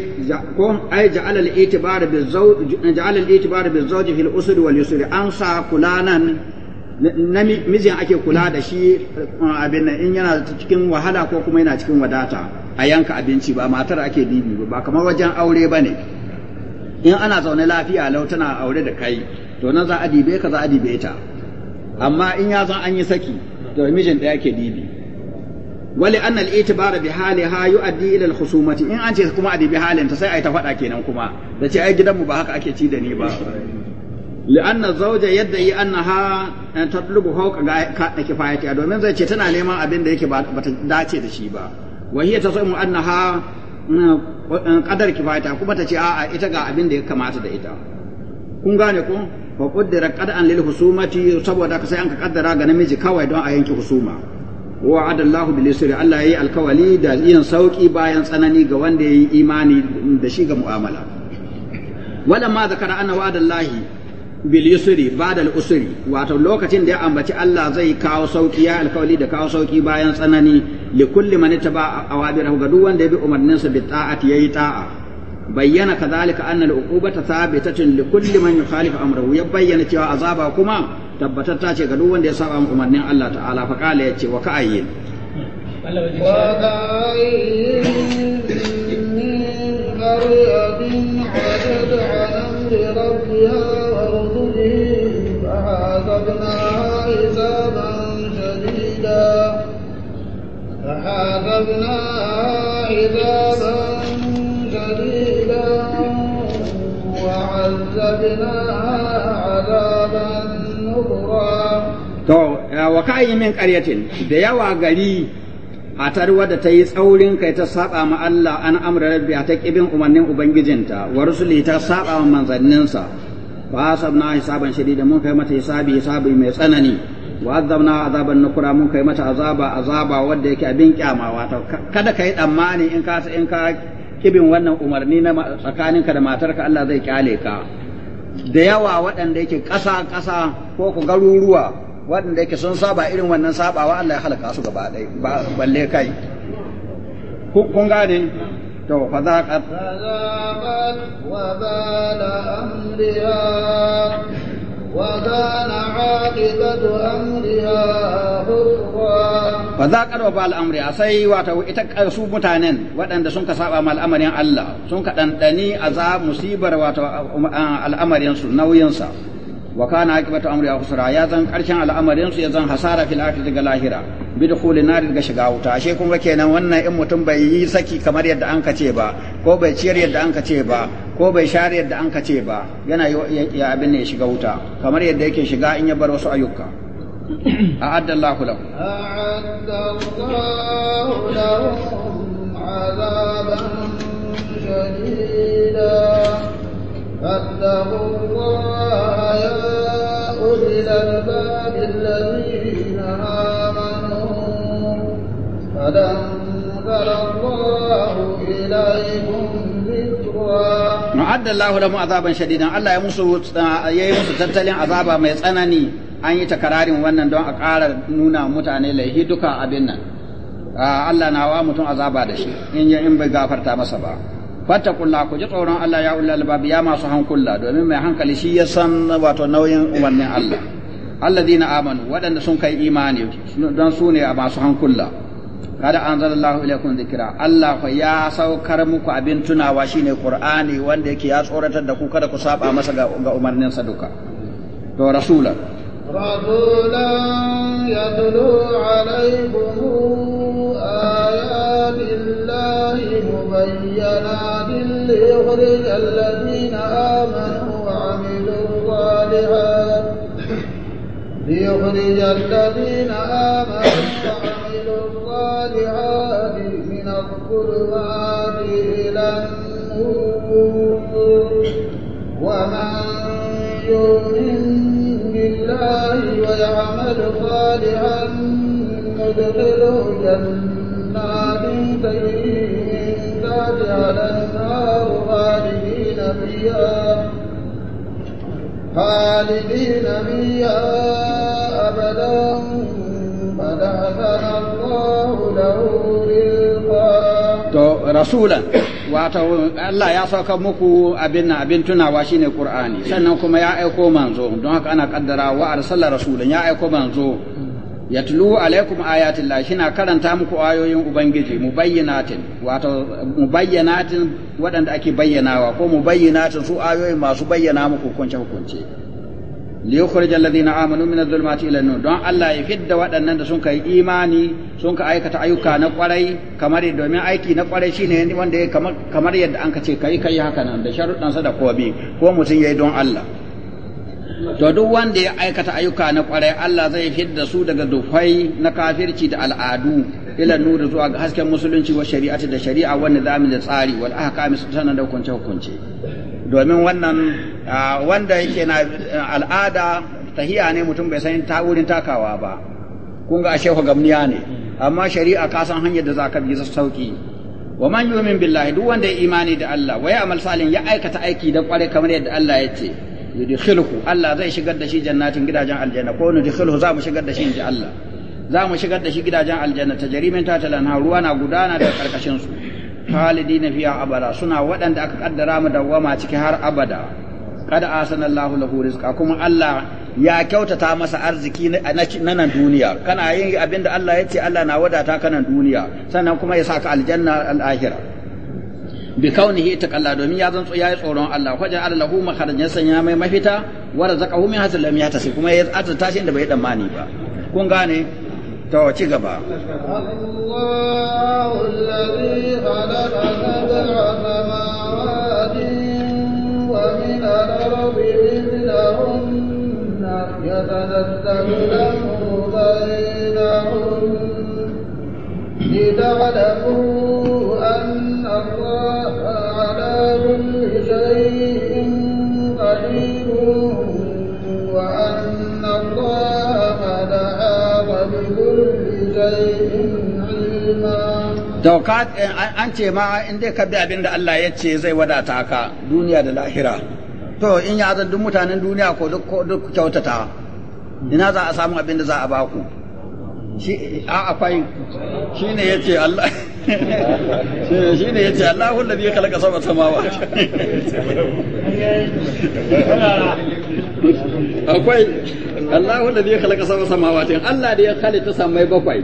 ko ai ja'ala al-i'tibar bi zawj ja'ala al-i'tibar bi zawj fil usri wal yusri an sa kulanan namijin ake kula da shi uh, abin nan in yana cikin wahala ko kuma yana cikin wadata a yanka abinci ba matar ake dibi ba kamar wajen aure ba ne in ana zaune lafiya lau tana aure da kai to nan za a dibe ka za a dibe ta amma in ya zan an yi saki to mijin ɗaya ke dibi wali an al-itibara bi haliha yu'addi ila al-khusumati in an ce kuma a dibi halin ta sai ai ta faɗa kenan kuma da ce ai mu ba haka ake ci da ni ba لأن الزوجة يدعي أنها تطلب فوق كفايتها domin zai ce tana neman abin da ba ta dace da shi ba wa hiya tasamu annaha qadar kifayata kuma ta ce a'a ita ga abin da ya kamata da ita kun gane ko fa qaddara qad'an lil husumati saboda ka sai an ka kaddara ga namiji kawai don a yanke husuma wa bilisiri. Allah ya yi yayi da yin sauki bayan tsanani ga wanda ya yi imani da shi ga mu'amala walamma zakara anna wa'adallahi bil yusri ba'da al wato lokacin da ya ambaci Allah zai kawo sauki ya alkawali da kawo sauki bayan tsanani li kulli man taba awabirahu ga duk wanda ya bi umarnin sa bi ta'ati yayi ta'a bayyana kadhalika anna al uqubata thabitatun li kulli man yukhalifu amrahu ya bayyana cewa azaba kuma tabbatar ta ce ga duk wanda ya saba umarnin Allah ta'ala fa kala yace wa ka'ayyin wa ka'ayyin بربها ورسله فحاسبناها حسابا شديدا فحاسبناها حسابا شديدا وعذبناها عذابا نكرا. To, wa ka'ayyimin ƙaryatin da yawa gari matar wadda ta yi tsaurin kai ta saba ma Allah an amra rabbi ta kibin umarnin ubangijinta wa rusuli ta saba ma manzanninsa wa asabna hisaban shadida mun kai mata hisabi hisabi mai tsanani wa azabna azaban nukura mun kai mata azaba azaba wanda yake abin kyamawa ta kada kai tsammani in ka in ka kibin wannan umarni na tsakaninka da matarka Allah zai kyale ka da yawa waɗanda yake ƙasa ƙasa ko ku garuruwa waɗanda yake sun saba irin wannan sabawa Allah ya halaka su gaba ɗai ba balle kai kun gane to fa za ka wa la amriya wa kana aqibatu amriha fa za ka wa al'amri a sai wato ita su mutanen waɗanda sun ka saba ma al'amarin Allah sun ka dandani azab musibar wato um, al'amarin su nauyin sa wa kana aqibatu amri ya khusra ya zan karshen al'amarin su ya zan hasara fil akhirati ga lahira bi dukhuli nar ga shiga wuta ashe kun kenan wannan in mutum bai yi saki kamar yadda an kace ba ko bai ciyar yadda an kace ba ko bai share yadda an kace ba yana ya abin ne ya shiga wuta kamar yadda yake shiga in ya bar wasu ayyuka أعد الله لهم فاتقوا الله يا أولي الألباب الذين آمنوا قد أنزل الله إليكم Ma'adda Allah mu azaban shadidan Allah ya musu uh, ya yi musu tattalin azaba mai tsanani an yi takararin wannan don a ƙara nuna mutane laihi duka abin nan. Uh, Allah na wa mutum azaba da shi in bai gafarta masa ba. fattakulla ku ji tsoron Allah ya ulal albab ya masu hankula domin mai hankali shi ya san wato nauyin umarnin Allah alladina amanu waɗanda sun kai imani don su ne a masu hankula kada anzalallahu ilaikum zikra Allah fa ya saukar muku abin tunawa shine kur'ani wanda yake ya tsoratar da ku kada ku saba masa ga umarnin sa duka to rasulan rasulan yatlu بينات ليخرج الذين آمنوا وعملوا الصالحات ليخرج الذين آمنوا وعملوا الصالحات من الظلمات إلى النور ومن يؤمن بالله ويعمل صالحا ندخله جنات تجري فجعل خالدين Allah ya sauka muku abin na abin tunawa shine Qur'ani sannan kuma ya aiko manzo don haka ana kaddara wa arsala rasulan ya aiko manzo yatlu alaikum ayatillah shina karanta muku ayoyin ubangiji mubayyinatin wato mubayyinatin waɗanda ake bayyanawa ko mubayyinatin su ayoyin masu bayyana muku hukunce hukunce li yukhrij alladhina amanu min adh-dhulumati ila an-nur don Allah ya fidda waɗannan da sun kai imani sun ka aikata ayyuka na kwarai kamar domin aiki na kwarai shine wanda kamar kamar yadda an ka ce kai kai haka nan da sharuɗansa da kobi ko mutum yayi don Allah to duk wanda ya aikata ayyuka na kwarai Allah zai da su daga dufai na kafirci da al'adu ila nuru zuwa ga hasken musulunci wa shari'ati da shari'a wanda zamu da tsari wal ahkami sunan da hukunce hukunce domin wannan wanda yake na al'ada tahiya ne mutum bai san ta wurin takawa ba kun ga ashe gamniya ne amma shari'a ka san hanyar da zaka bi sauki wa man yu'min billahi duk wanda ya imani da Allah wa ya amal salin ya aikata aiki da kware kamar yadda Allah ya ce yudkhiluhu Allah zai shigar da shi jannatin gidajen aljanna ko nudkhiluhu za mu shigar da shi inji Allah za mu shigar da shi gidajen aljanna tajrimin ta talanha ruwa na gudana da karkashin su khalidina fiha abada suna waɗanda aka kaddara mu dawwama ciki har abada kada asana Allahu lahu rizqa kuma Allah ya kyautata masa arziki na nan duniya kana yin abinda Allah ya ce Allah na wadata ka duniya sannan kuma ya saka aljanna al-akhirah bi kaunihi kalla domin ya zan ya yi tsoron Allah kwaje allahu makharajan sanya mai mafita wa razaqahu min hasal lam yatasi kuma ya azata tashi inda bai damani ba kun gane to ci gaba Allahu alladhi khalaqa sab'a samawati wa min al-ardi mithlahunna yatanazzalu لتعلموا أن الله Tauka eh, an ce ma in dai ka bi abin da Allah ya ce zai wadata ka duniya da lahira. To in ya duk mutanen duniya ko duk kyautata, ina za a samu abin da za a baku. Shi a akwai shi ne ya ce Allah shi ne ya ce Allah hulabi ya kalaka sama samawa. akwai Allahu zai khalaqa sama samawatin Allah da ya halitta samai bakwai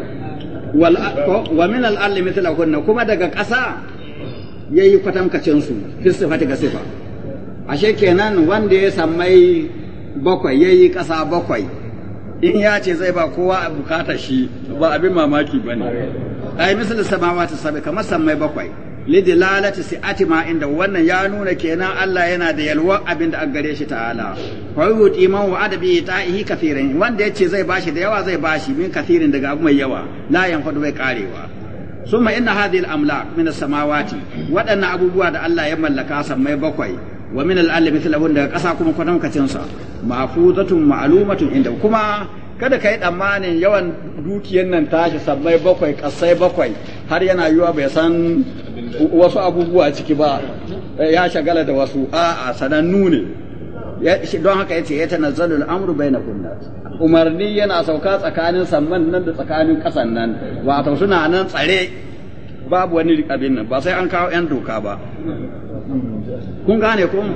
wal wa min al ardi mithlahunna kuma daga ƙasa yayi kwatankacin su fi sifati ga sifa ashe kenan wanda ya samai bakwai yayi ƙasa bakwai in ya ce zai ba kowa a bukata shi ba abin mamaki bane ai misal samawati sabai kamar samai bakwai lidilalati ati ma inda wannan ya nuna kenan Allah yana da yalwa abin da an gare shi ta'ala wa yuti man wa adabi ta'ihi kafirin wanda yace zai bashi da yawa zai bashi min kafirin daga abu mai yawa la yanfadu bai karewa summa inna hadhihi al-amlak min as-samawati wadanna abubuwa da Allah ya mallaka sammai bakwai wa min al-ardi mithluhun daga kasa kuma kacin sa mahfuzatun ma'lumatun inda kuma kada ka yi tsammanin yawan dukiyar nan tashi sabbai bakwai kasai bakwai har yana yiwa bai san wasu abubuwa ciki ba eh, ya shagala da wasu a'a sanannu ne don haka yace ya tanazzalu al-amru bainakum umarni yana sauka tsakanin samman nan da tsakanin kasan nan wato suna nan tsare babu wani abin nan ba sai an kawo yan doka ba kun gane kun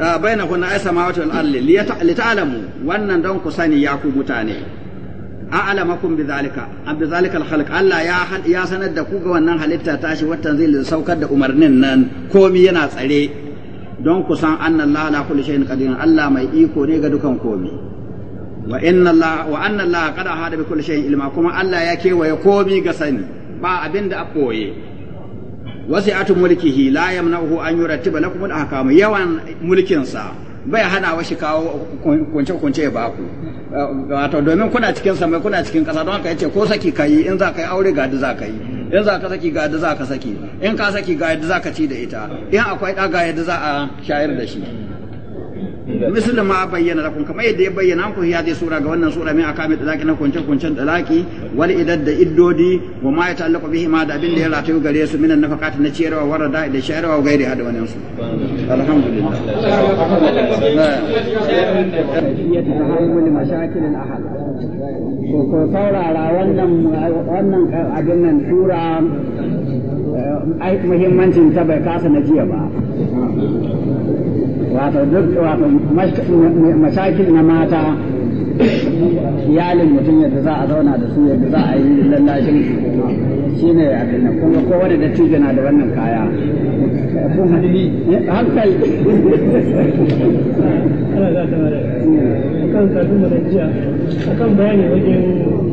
ah, bainakum ay samawati wal ardi li ta'lamu wannan don ku sani ya ku mutane a'lamakum bizalika am bizalika alkhalq Allah ya ya sanar da ku ga wannan halitta ta shi watan zai saukar da umarnin nan komi yana tsare don ku san anna Allah ala kulli shay'in qadir Allah mai iko ne ga dukan komi wa inna Allah wa anna Allah qad ahada bi kulli shay'in ilma kuma Allah ya kewaye komi ga sani ba abin da a koye wasi'atu mulkihi la yamna'uhu an yurattiba lakum al-ahkama yawan mulkin sa bai hana wa shi kawo kunce-kunce ya baku wato domin kuna cikin samai kuna cikin kasa don haka yace ko saki ka yi in za ka yi aure ga za ka yi in za ka saki ga yadda za ka saki in ka saki ga yadda za ka ci da ita in akwai ɗa ga yadda za a shayar da shi misal ma bayyana lakum kamar yadda ya bayyana ku ya dai sura ga wannan sura min akami talaki na kunce kuncen talaki wal idad da iddodi wa ma ya ta'allaqu bihi ma da abin da ya ratayu gare su minan nafaqati na ciyarwa warada da shayarwa gairi hada wannan su alhamdulillah ko saurara wannan wannan abin nan sura eh, muhimmancin ta bai kasa na jiya ba wato duk wato masakin na mata iyalin mutum yadda za a zauna da su yadda za a yi lallashin shi ne abin nan kuma kowane da tuge na da wannan kaya hankali kan da jiya akan bayani wajen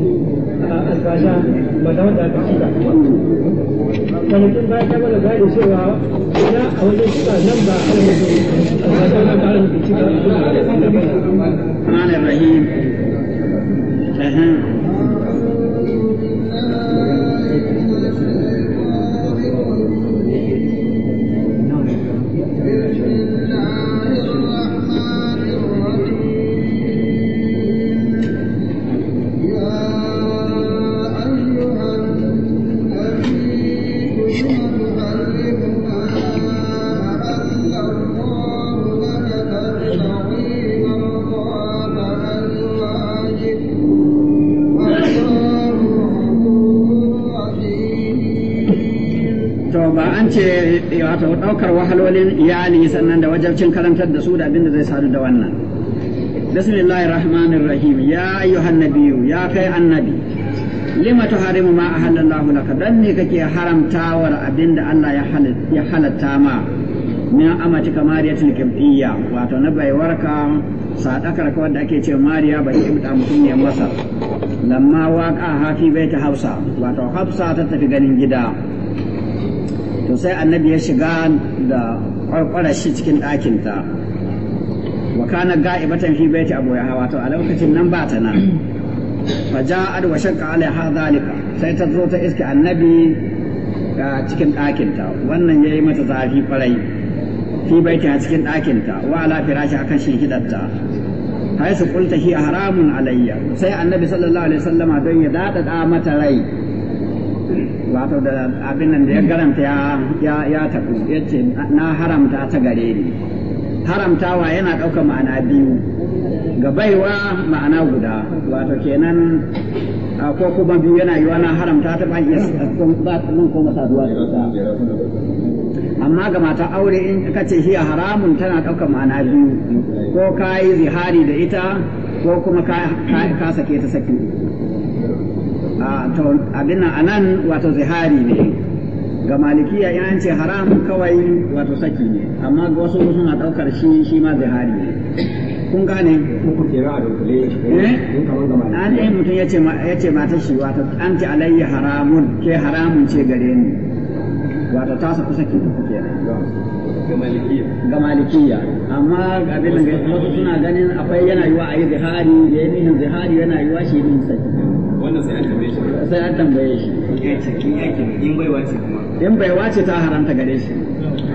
alfasha ba da wanda da ci ba baya ta mana gane cewa ina a wajen suka nan ba a wajen alfasha ba ta wajen ba. yi sannan da wajabcin karantar da su da abin da zai sadu da wannan bismillahir rahmanir rahim ya ayyuhan nabiyyu ya kai annabi lima tuharimu ma ahallallahu laka dan ne kake haramtawar abin da Allah ya halatta ma min amati kamariyatul kibtiyya wato na baiwarka sadakar ka wanda ake ce mariya bai yi mutum ne masa lamma waqa hafi baita hausa wato hafsa ta tafi ganin gida to sai annabi ya shiga da kwarkwara shi cikin ɗakinta wa kana ga'ibatan fi baiti abu ya hawa to a lokacin nan ba ta nan fa ja'ad wa shaqqa alaiha zalika sai ta zo ta iska annabi ga cikin ɗakinta wannan yayi mata zafi kwarai fi baiti a cikin ɗakinta wa ala firashi akan hidarta su qulta hi haramun alayya sai annabi sallallahu alaihi wasallama don ya dada mata rai wato da abin nan da ya garanta ya ya tafi ya ce na haramta ta gare ni haramtawa yana ɗaukar ma'ana biyu ga baiwa ma'ana guda wato kenan ko kuma biyu yana yiwa na haramta ta ba iya nan kuma saduwa da ita amma ga mata aure in ka ce hiya haramun tana ɗaukar ma'ana biyu ko ka yi zihari da ita ko kuma ka sake ta saki Ah, to abin anan wato zihari ne ga malikiya in an ce haram kawai wato saki ne amma ga wasu suna daukar shi shi ma zihari ne kun gane ku kira da kule eh an dai eh, mutum yace yace mata shi wato an ce alayya haramun ke haramun ce gare ni wato ta sa saki ku kenan ga malikiya amma abin da wasu suna ganin akwai yana yiwa ayi zahari zihari da ya zahari zihari yana yiwa shi nihin saki wannan sai an tambaye shi sai an tambaye shi in ce kuma in ta haramta gare shi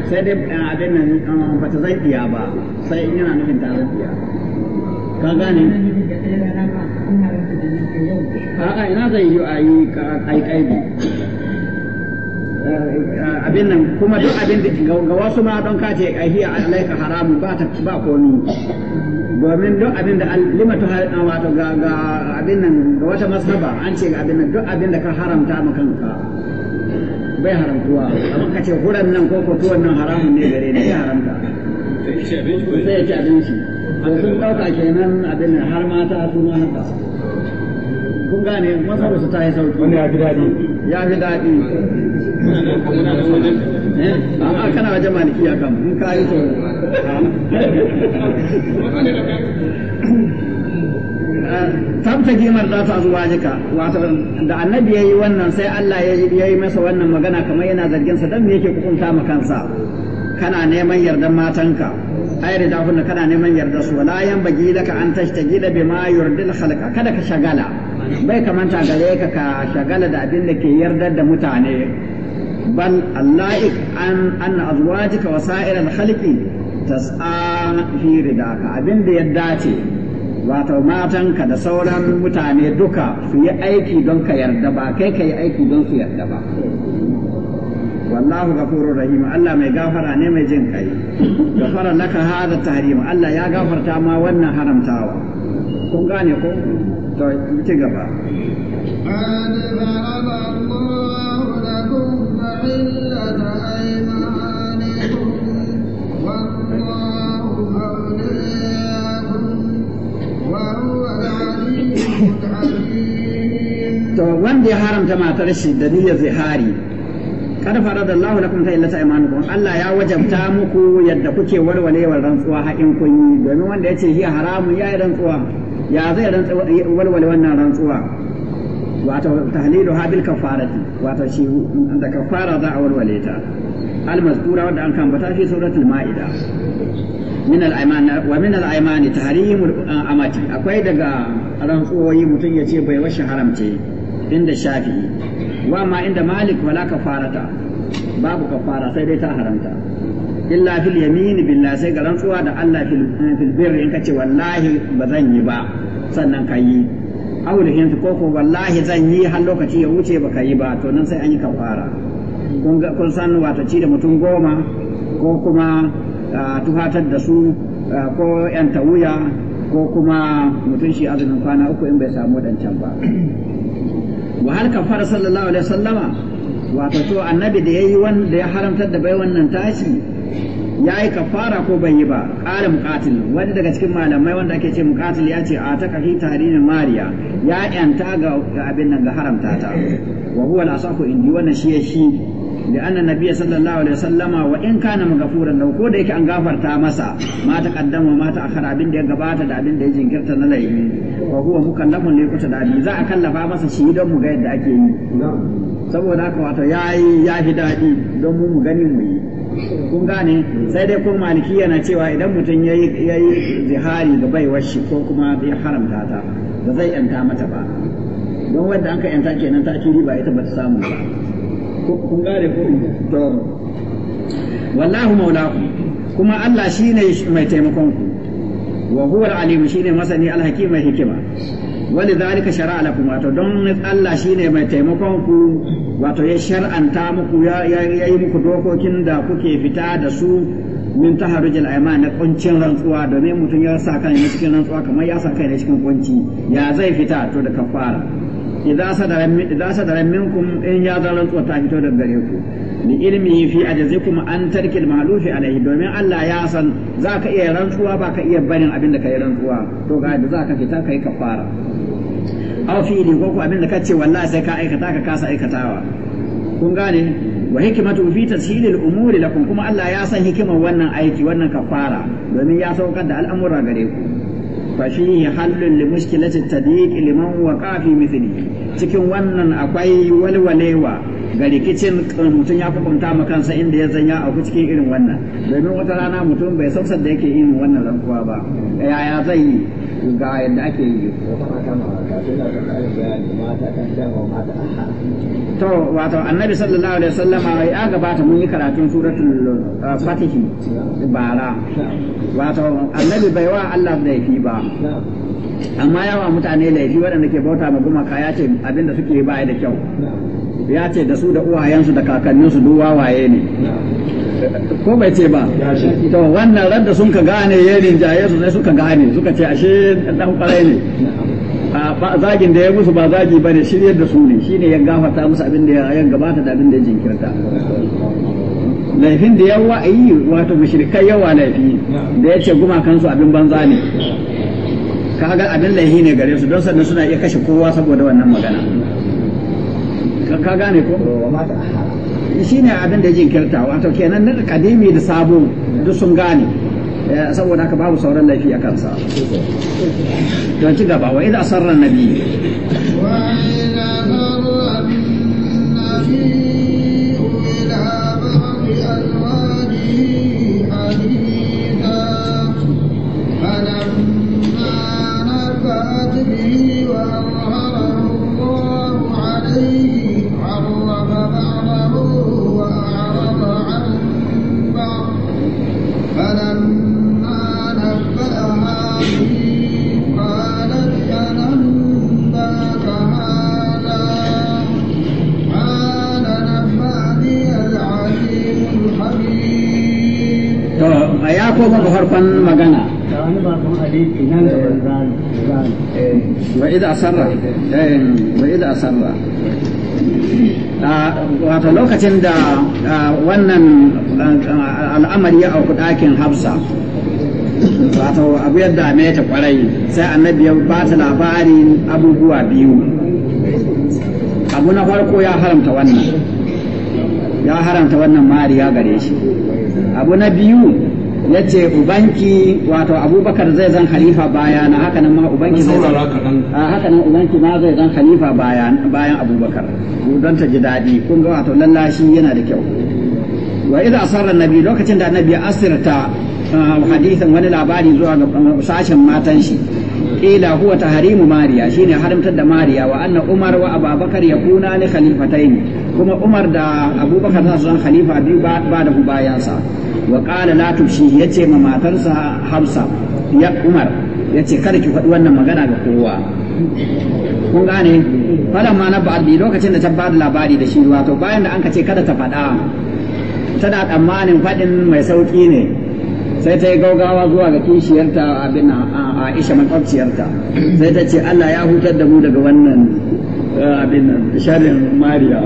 sai dai eh, abin nan eh, ba ta zai iya ba sai in yana nufin ta zai iya ka gane a'a ina zai yi a yi kai abin nan kuma duk abin da ga wasu ma don kace a hiya alaika haramu ba ta ba komi domin duk abin da limatu haramu ah, wato ga ga abin nan ga wata masaba an ce ga abin nan duk abin da ka haramta ma kanka bai haramtuwa amma kace guran nan ko kotuwan wannan haramun ne gare ne ya haramta sai ya ci abinci to sun dauka kenan abin nan har mata su ma haka kun gane masarusu ta yi sauki wani ya fi daɗi ya fi daɗi Tabta eh, kana wajen malikiya kam eh, wato da annabi yayi wannan sai Allah ya yi masa wannan magana kamar yana zargin sa dan me yake kukunta maka kansa kana neman yardan matanka ai da kuma kana neman yardan su wala yan bagi laka an tashtagi da bima yurdil khalqa kada ka shagala bai kamanta gare ka ka shagala da abin da ke yardar da mutane بل اللائق أن أن أزواجك وسائر الخلق تسعى في رداك أبن بيداتي wato matanka da sauran mutane duka su yi aiki don ka yarda ba kai ka yi aiki don su yarda ba wallahu ghafurur rahim Allah mai gafara ne mai jin kai gafara laka hada tahrim Allah ya gafarta ma wannan haramtawa kun gane ko to ci gaba to wanda ya haramta matar shi da niyyar zihari kada fara da Allah lakum ta illata imanukum Allah ya wajabta muku yadda kuke warwalewar rantsuwa ha in kun yi domin wanda yace hiya haramun ya yi rantsuwa ya zai rantsuwa walwale wannan rantsuwa wato tahlilu ha bil kafarati wato shi da kafara za a walwale ta al mazkura wanda an kambata shi suratul maida min al ayman wa min al ayman tahrimul amati akwai daga rantsuwoyi mutum yace bai washi haramce inda shafi'i wa ma inda malik wala kafarata babu kafara sai dai ta haramta illa fil yamin billahi sai ga rantsuwa da Allah fil eh, birri in kace wallahi ba zan yi ba sannan ka yi hin ko ko wallahi zan yi har lokaci ya wuce baka yi ba to nan sai an yi kafara kun ga kun san wato ci da mutum goma ko kuma ah, tuhatar da su ah, ko yan tawuya ko kuma mutum shi azumin kwana uku in bai samu dancan ba wa hal fara sallallahu alaihi wasallama wato to annabi da yayi wanda ya haramtar da bai wannan tashi yayi kafara ko bai yi ba ƙarin mukatil wani daga cikin malamai wanda ake ce muqatil ya ce a ta kafi tarihin mariya ya yanta ga abin nan ga haramta ta wa huwa al asafu indi wannan shi ya shi da anna nabiyya sallallahu alaihi wasallama wa in kana magafuran lau ko da yake an gafarta masa ma ta kaddama ma abin da ya gabata da abin da ya jinkirta na laifi wa huwa mukallafun li kutu da za a kallafa masa shi don mu ga yadda ake yi saboda ka wato yayi ya fi dadi don mu mu gani mu yi kun gane sai dai ko maliki yana cewa idan mutum yayi yayi zihari ga bai washi ko kuma bai haramta ba zai yanta mata ba don wanda aka yanta kenan ta kiri ba ita ba samu ba kun wallahu maulaku kuma Allah shi ne mai taimakon ku wa huwar alimu shi ne masani alhaki mai hikima wani zalika shara'a lakum wato don Allah shi ne mai taimakon ku wato ya shar'anta muku ya yi muku dokokin da kuke fita da su min haru aiman na kuncin rantsuwa domin mutum ya sa kan cikin rantsuwa kamar ya sa kai cikin kunci ya zai fita to da kafara idza sadara idza minkum in ya rantsuwa ta fito daga gare ku ni ilmi fi ajazikum an tarkil ma'lufi alaihi domin Allah ya san zaka iya rantsuwa ba ka iya barin abin da kai rantsuwa to ga da zaka fita kai kafara aw fi ili ko abin da kace wallahi sai ka aikata ka kasa aikatawa kun gane wa hikimatu fi tashilil umuri lakum kuma Allah ya san hikimar wannan aiki wannan kafara domin ya saukar da al'amura gare ku ففيه حل لمشكلة التضييق لمن وقع في مثله cikin wannan akwai walwalewa ga rikicin eh, mutum ya hukunta ma kansa inda ya zanya a ku cikin irin wannan domin wata rana mutum bai san da yake yin wannan rankuwa ba yaya zai yi ga yadda ake yi to wato annabi sallallahu alaihi wasallama ya gabata mun yi karatun suratul eh, fatihi bara wato annabi bai wa Allah laifi ba amma yawa mutane laifi waɗanda ke bauta ma gumaka ya ce abinda suke baya da kyau ya ce da su da uwayensu da kakanninsu duk wawaye ne ko bai ce ba to wannan radda sun ka gane ya rinjaye su sai suka gane suka ce ashe dan kwarai ne A zagin da ya musu ba zagi bane shirye da su ne shine ya gafarta musu abin da ya gabata da abin da ya jinkirta laifin da yawa a yi wato mushrikai yawa laifi da ya ce gumakansu abin banza ne kaga abin laifi ne gare su don sannan suna iya kashe kowa saboda wannan magana ka gane ko shi ne abin da jinkirta wato kenan na kadimi da sabo duk sun gane eh, saboda haka babu sauran laifi a kansa don ci gaba wa idan sarran nabi ga farkon magana eh, wa idza asarra eh, wa idza asarra ah, wato lokacin da ah, wannan ah, al'amari ya auku ɗakin hafsa wato abu yadda dame ta kwarai sai annabi ya ba ta labarin abubuwa biyu abu na farko ya haramta wannan ya haramta wannan mariya gare shi abu na biyu ya ce ubanki wato abubakar zai zan halifa baya na haka nan ma ubanki zai zan haka nan ubanki ma zai zan halifa bayan bayan abubakar don ta ji daɗi kun ga wato lallashi yana da kyau wa idza asarra nabi lokacin da nabi asirta hadisin wani labari zuwa ga sashen matan shi ila huwa tahrimu mariya shine haramtar da mariya wa anna umar wa abubakar kuna li khalifatain kuma umar da abubakar za su zan khalifa biyu ba da bayansa wa qala la ya yace ma matarsa Hausa ya Umar ya ce kada ki faɗi wannan magana ga kowa kun gane falan ma na ba'adi lokacin da ta ba da labari da shi wato bayan da an ka ce kada ta faɗa tana tsammanin faɗin mai sauƙi ne sai ta yi gaugawa zuwa ga kishiyarta abin Aisha makwabciyarta sai ta ce Allah ya hutar da mu daga wannan abin nan mariya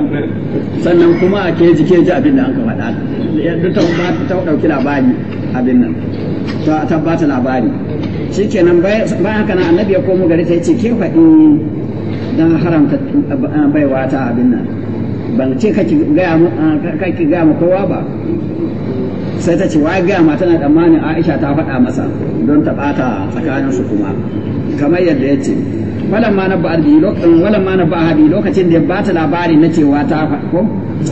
sannan kuma a keji keji abin da an ka faɗa yadda ta ɗauki labari abin nan ta tabbata labari shi kenan bayan haka nan annabi ya komo gari ta ce ke faɗi don haramta baiwa ta abin nan ban ce kake gaya ma kowa ba sai ta ce wa gaya ma tana tsammanin aisha ta faɗa masa don ta ɓata tsakaninsu kuma kamar yadda ya ce falan ma ba albi lokacin walan eh, ma ba habi lokacin da ya ta labari na cewa ta ko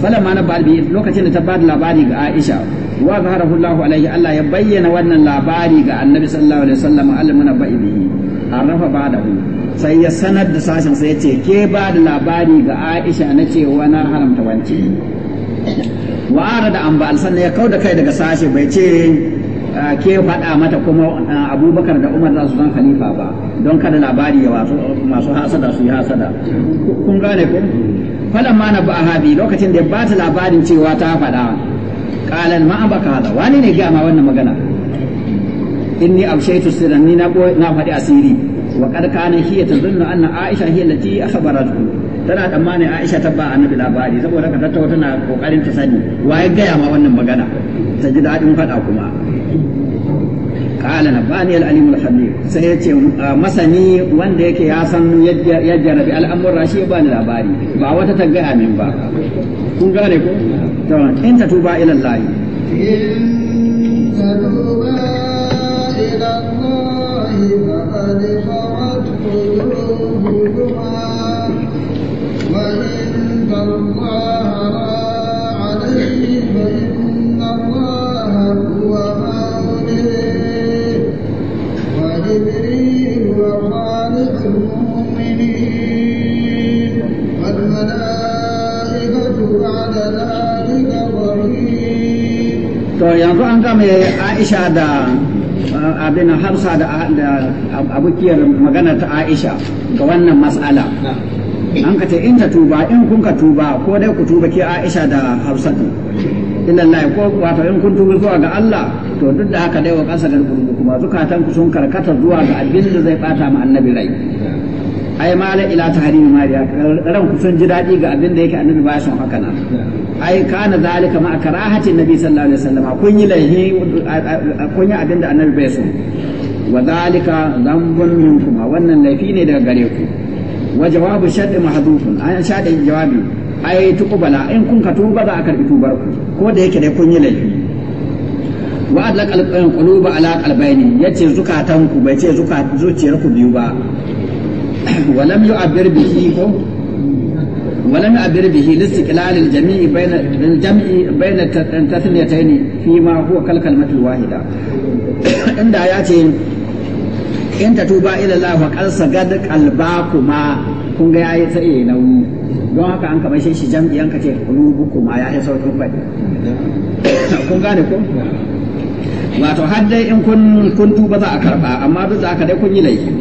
falan ma ba albi lokacin da ta ba labari ga Aisha wa zaharahu Allahu alaihi Allah ya bayyana wannan labari ga Annabi sallallahu alaihi wasallam al-munabba bihi arafa ba'dahu sai ya sanar da sashen sai ya ce ke ba da labari ga Aisha na cewa na haramta wance wa arada an ba'al sannan ya kauda kai daga sashe bai ce ah, ke faɗa mata kuma ah, Abubakar da Umar za su zan khalifa ba don kada labari ya wasu masu hasada su yi hasada kun gane ko falan ma na habi lokacin da ya bata labarin cewa ta faɗa kalan ma ka hada wani ne ga wannan magana inni abshaytu sirran ni na na faɗi asiri wa qad kana hiya tadunnu anna aisha hiya allati akhbaratu tana tsammani aisha ta ba annabi labari saboda ka tattauna tana kokarin ta sani waye ga ma wannan magana ta ji dadin faɗa kuma قال نباني العليم الخبير سيأتي مسني وند يكي ياسن يجرب الأمر راشي بان الأباري باوة تقع من با كن قال لكم إن تتوبا إلى الله إن تتوبا إلى الله فقد to yanzu an mai aisha da uh, abin hafsa da abokiyar magana ta aisha ga wannan matsala an ka ce in ta tuba in kun ka tuba ko dai ku tuba ke aisha da hafsa illallah ko wato in kun tuba zuwa ga Allah to duk da haka dai wa kasa da kuma zukatan ku sun karkata zuwa ga abin da zai bata ma annabi rai ai mala ila tahrim mariya ran ku ji dadi ga abin da yake annabi ba son haka nan ai kana zalika ma karahatin nabi sallallahu alaihi wasallam kun yi laihi kun yi abin da annabi bai so wa zalika dhanbun minkum wannan laifi ne daga gare ku wa jawabu shadd mahdufun an shada jawabi ai tuqbala in kun ka tuba za a karbi tubar ku ko da yake dai kun yi laifi wa adlaq al ala qalbayni yace zukatanku bai ce zuciyar zuciyarku biyu ba ولم يعبر به ولم يعبر به لاستقلال الجميع بين الجمع بين التثنيتين فيما هو كالكلمة الواحدة عند آيات إن تتوبا إلى الله فقد سجد قلباكما kun جاي yayi tsaye na wuni don haka an kamar shi jam'i an kace qulubukuma ya yi sautin faɗi kun gane ko wato har dai in kun kun tuba za a karba amma duk da haka dai kun yi laifi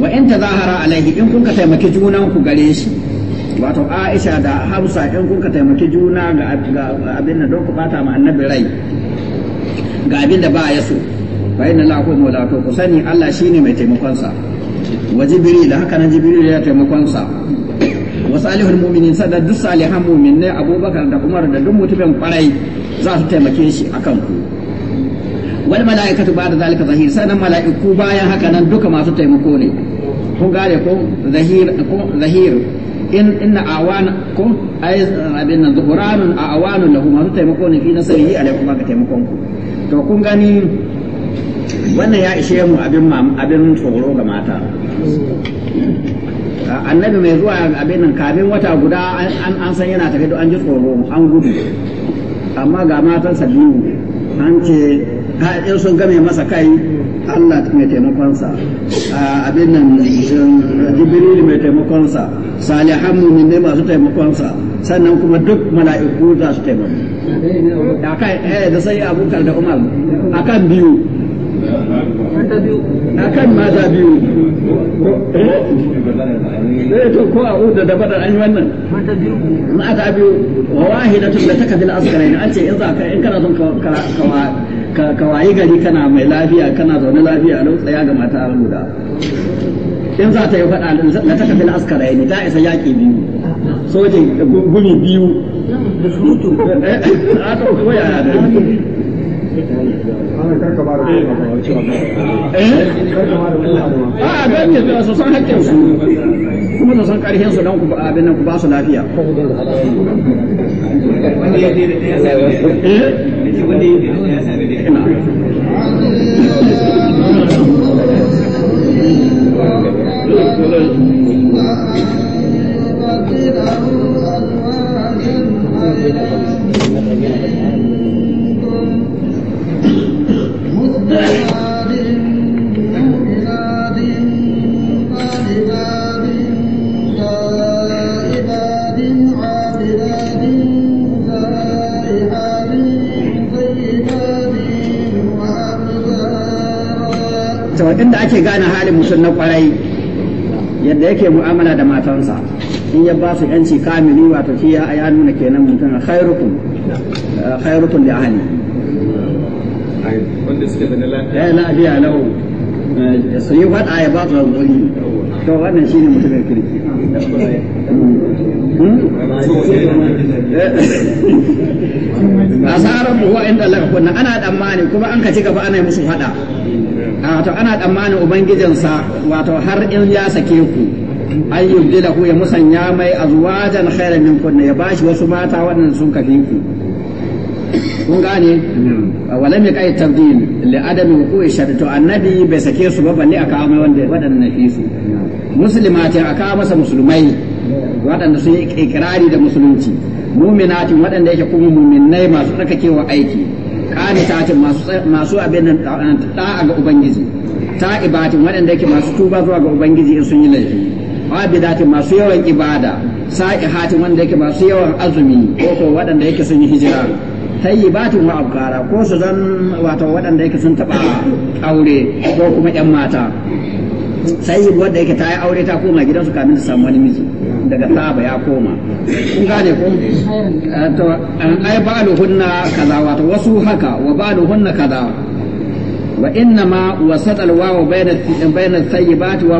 wa in tazahara alaihi in kun ka taimaki junan ku gare shi wato Aisha da Hafsa in kun ka taimaki juna ga abin da don ku bata ma annabi rai ga abin da ba ya so fa inna la ku maula to ku sani Allah shine mai taimakon sa wa Jibril haka nan Jibril ya taimakon sa wa salihul mu'minin sada duk salihan Abubakar da Umar da duk mutumin kwarai za su taimake shi akan ku wal mala'ikatu ba'da zalika zahir sanan mala'iku bayan haka nan duka masu taimako ne kun gane ko zahir ko zahir in inna awana ko ay abin nan zuhuranun awanun lahu masu taimako ne fi nasarihi alaikum ka taimakon ku to kun gani wannan ya ishe mu abin abin tsoro ga mata annabi mai zuwa abin nan kafin wata guda an san yana tafi an ji tsoro an gudu amma ga matan biyu an ce in sun game masa kai Allah mai taimakonsa a abin nan eh, jibril mai taimakonsa salihan mumin ne masu taimakonsa sannan kuma duk mala'iku za su taimako akan eh da sai abubakar da umar akan biyu akan mata biyu eh, eh to ko a uda da badar an yi wannan mata biyu mata biyu wa wahidatun da takadil askarai an ce in za ka in kana son ka ka wayi gari kana mai lafiya kana zaune lafiya lau tsaya ga mata guda in za ta yi faɗa na ta kafin askara ne ta isa yaƙi biyu sojin gumi biyu a don ne su san hakkin su kuma su san karhin su abin nan ku ba su lafiya Thank you. ake gane halin mutum na kwarai yadda yake mu'amala da matansa in ya ba su yanci kamili wato shi ya nuna kenan mutum a khairukum eh, khairukum li ahli wanda suke da lafiya eh, lafiya lau eh, su yi faɗa ya ba su zuri to wannan shi ne shine mutumin kirki hmm? asarar buwa inda lafi ana tsammani kuma an ka ci gaba ana yi musu faɗa wato ah, ana tsammanin ubangijinsa wato har in ya sake ku an yi da ku ya musanya mai a zuwa jan khairan min kunna ya bashi wasu mata waɗanda sun kafi ku kun gane walam ya kai tabdil li adami hukuki shar to annabi bai sake su ba balle aka amai wanda wadannan na fi su muslimati aka masa musulmai waɗanda sun yi ikrari da musulunci mu'minati waɗanda yake kuma muminai masu tsarkakewa aiki ta ce masu abin nan da'a ga ubangiji ta'ibatin waɗanda yake masu tuba zuwa ga ubangiji in sun yi laifi abidatin masu yawan ibada hatin wanda yake masu yawan azumi ko ko waɗanda yake sun yi hijira tayyibatin wa abkara ko su zan wato waɗanda yake sun taɓa aure ko kuma 'yan mata sayyid wanda yake ta yi aure ta koma gidansu kamin su samu wani miji daga saba ya koma kun gane eh, eh, Ai to ai hunna kaza wato wasu haka wa ba hunna kaza wa inna ma wasat al wa bayna bayna sayyibat wa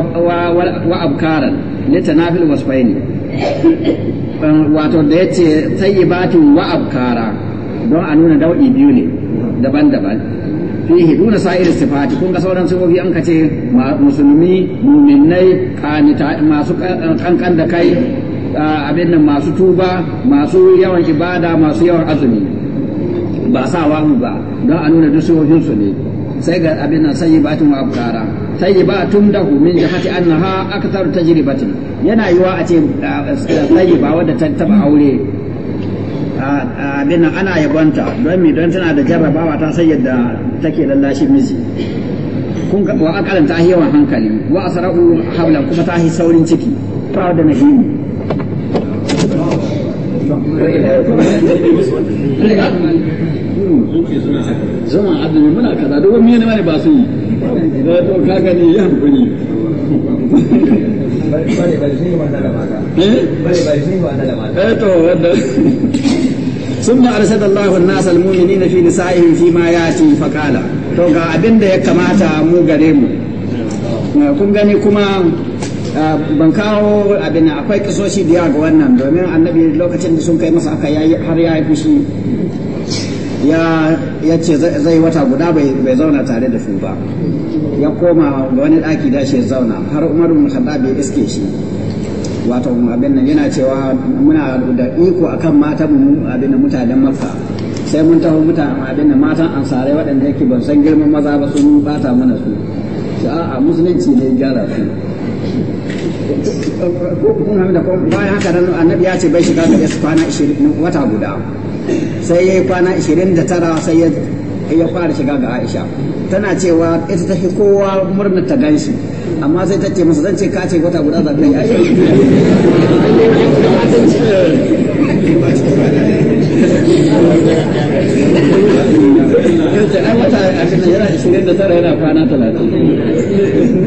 wa abkaran litanafil wasfaini um, wato da yace sayyibatin wa abkara don a nuna dau'i biyu ne daban-daban fihi duna sa'ir sifati kun ga sauran sifofi an kace musulmi mu'minai kanita masu kankan da kai abin nan masu tuba masu yawan ibada masu yawan azumi ba sa wa mu ba don a nuna duk sifofin su ne sai ga abin nan sai batun wa abkara sai tun da min jihati annaha akthar tajribatin yana yiwa a ce sai ba wanda ta taba aure abin nan ana yabonta don mi don tana da jarrabawa ta sai yadda take lallashi miji kun ga wa akalan ta hiya wan hankali wa asra'u hablan kuma ta hi saurin ciki ta da nahimi zama adalci muna kaza dogon miye ne ba su yi da to ka ne ya bari bari bari bari shi shi wanda wanda da eh? da eh hankali eh to wanda ثم أرسل الله الناس المؤمنين في نسائهم فيما يأتي فقال to ga abin da ya kamata mu gare mu kun gani kuma ban kawo abin akwai kisoshi da ga wannan domin annabi lokacin da sun kai masa aka yayi har ya yi fushi ya ya ce zai wata guda bai zauna tare da su ba ya koma wani daki da shi zauna har umar bin khattab iske shi wato abin nan yana cewa muna da iko akan matan mu abin da mutanen makka sai mun taho mutanen abin da matan ansarai waɗanda yake ban san girman maza ba sun bata mana su su a'a musulunci ne gyara su bayan haka nan annabi ya ce bai shiga da yasu kwana 20 wata guda sai ya yi kwana 29 sai ya fara shiga ga Aisha tana cewa ita ta fi kowa murnar ta ganshi amma sai ta ce masa zan ce ka ce wata guda za ka yi aiki ai wata ashirin yana ashirin da tara yana kwana talatin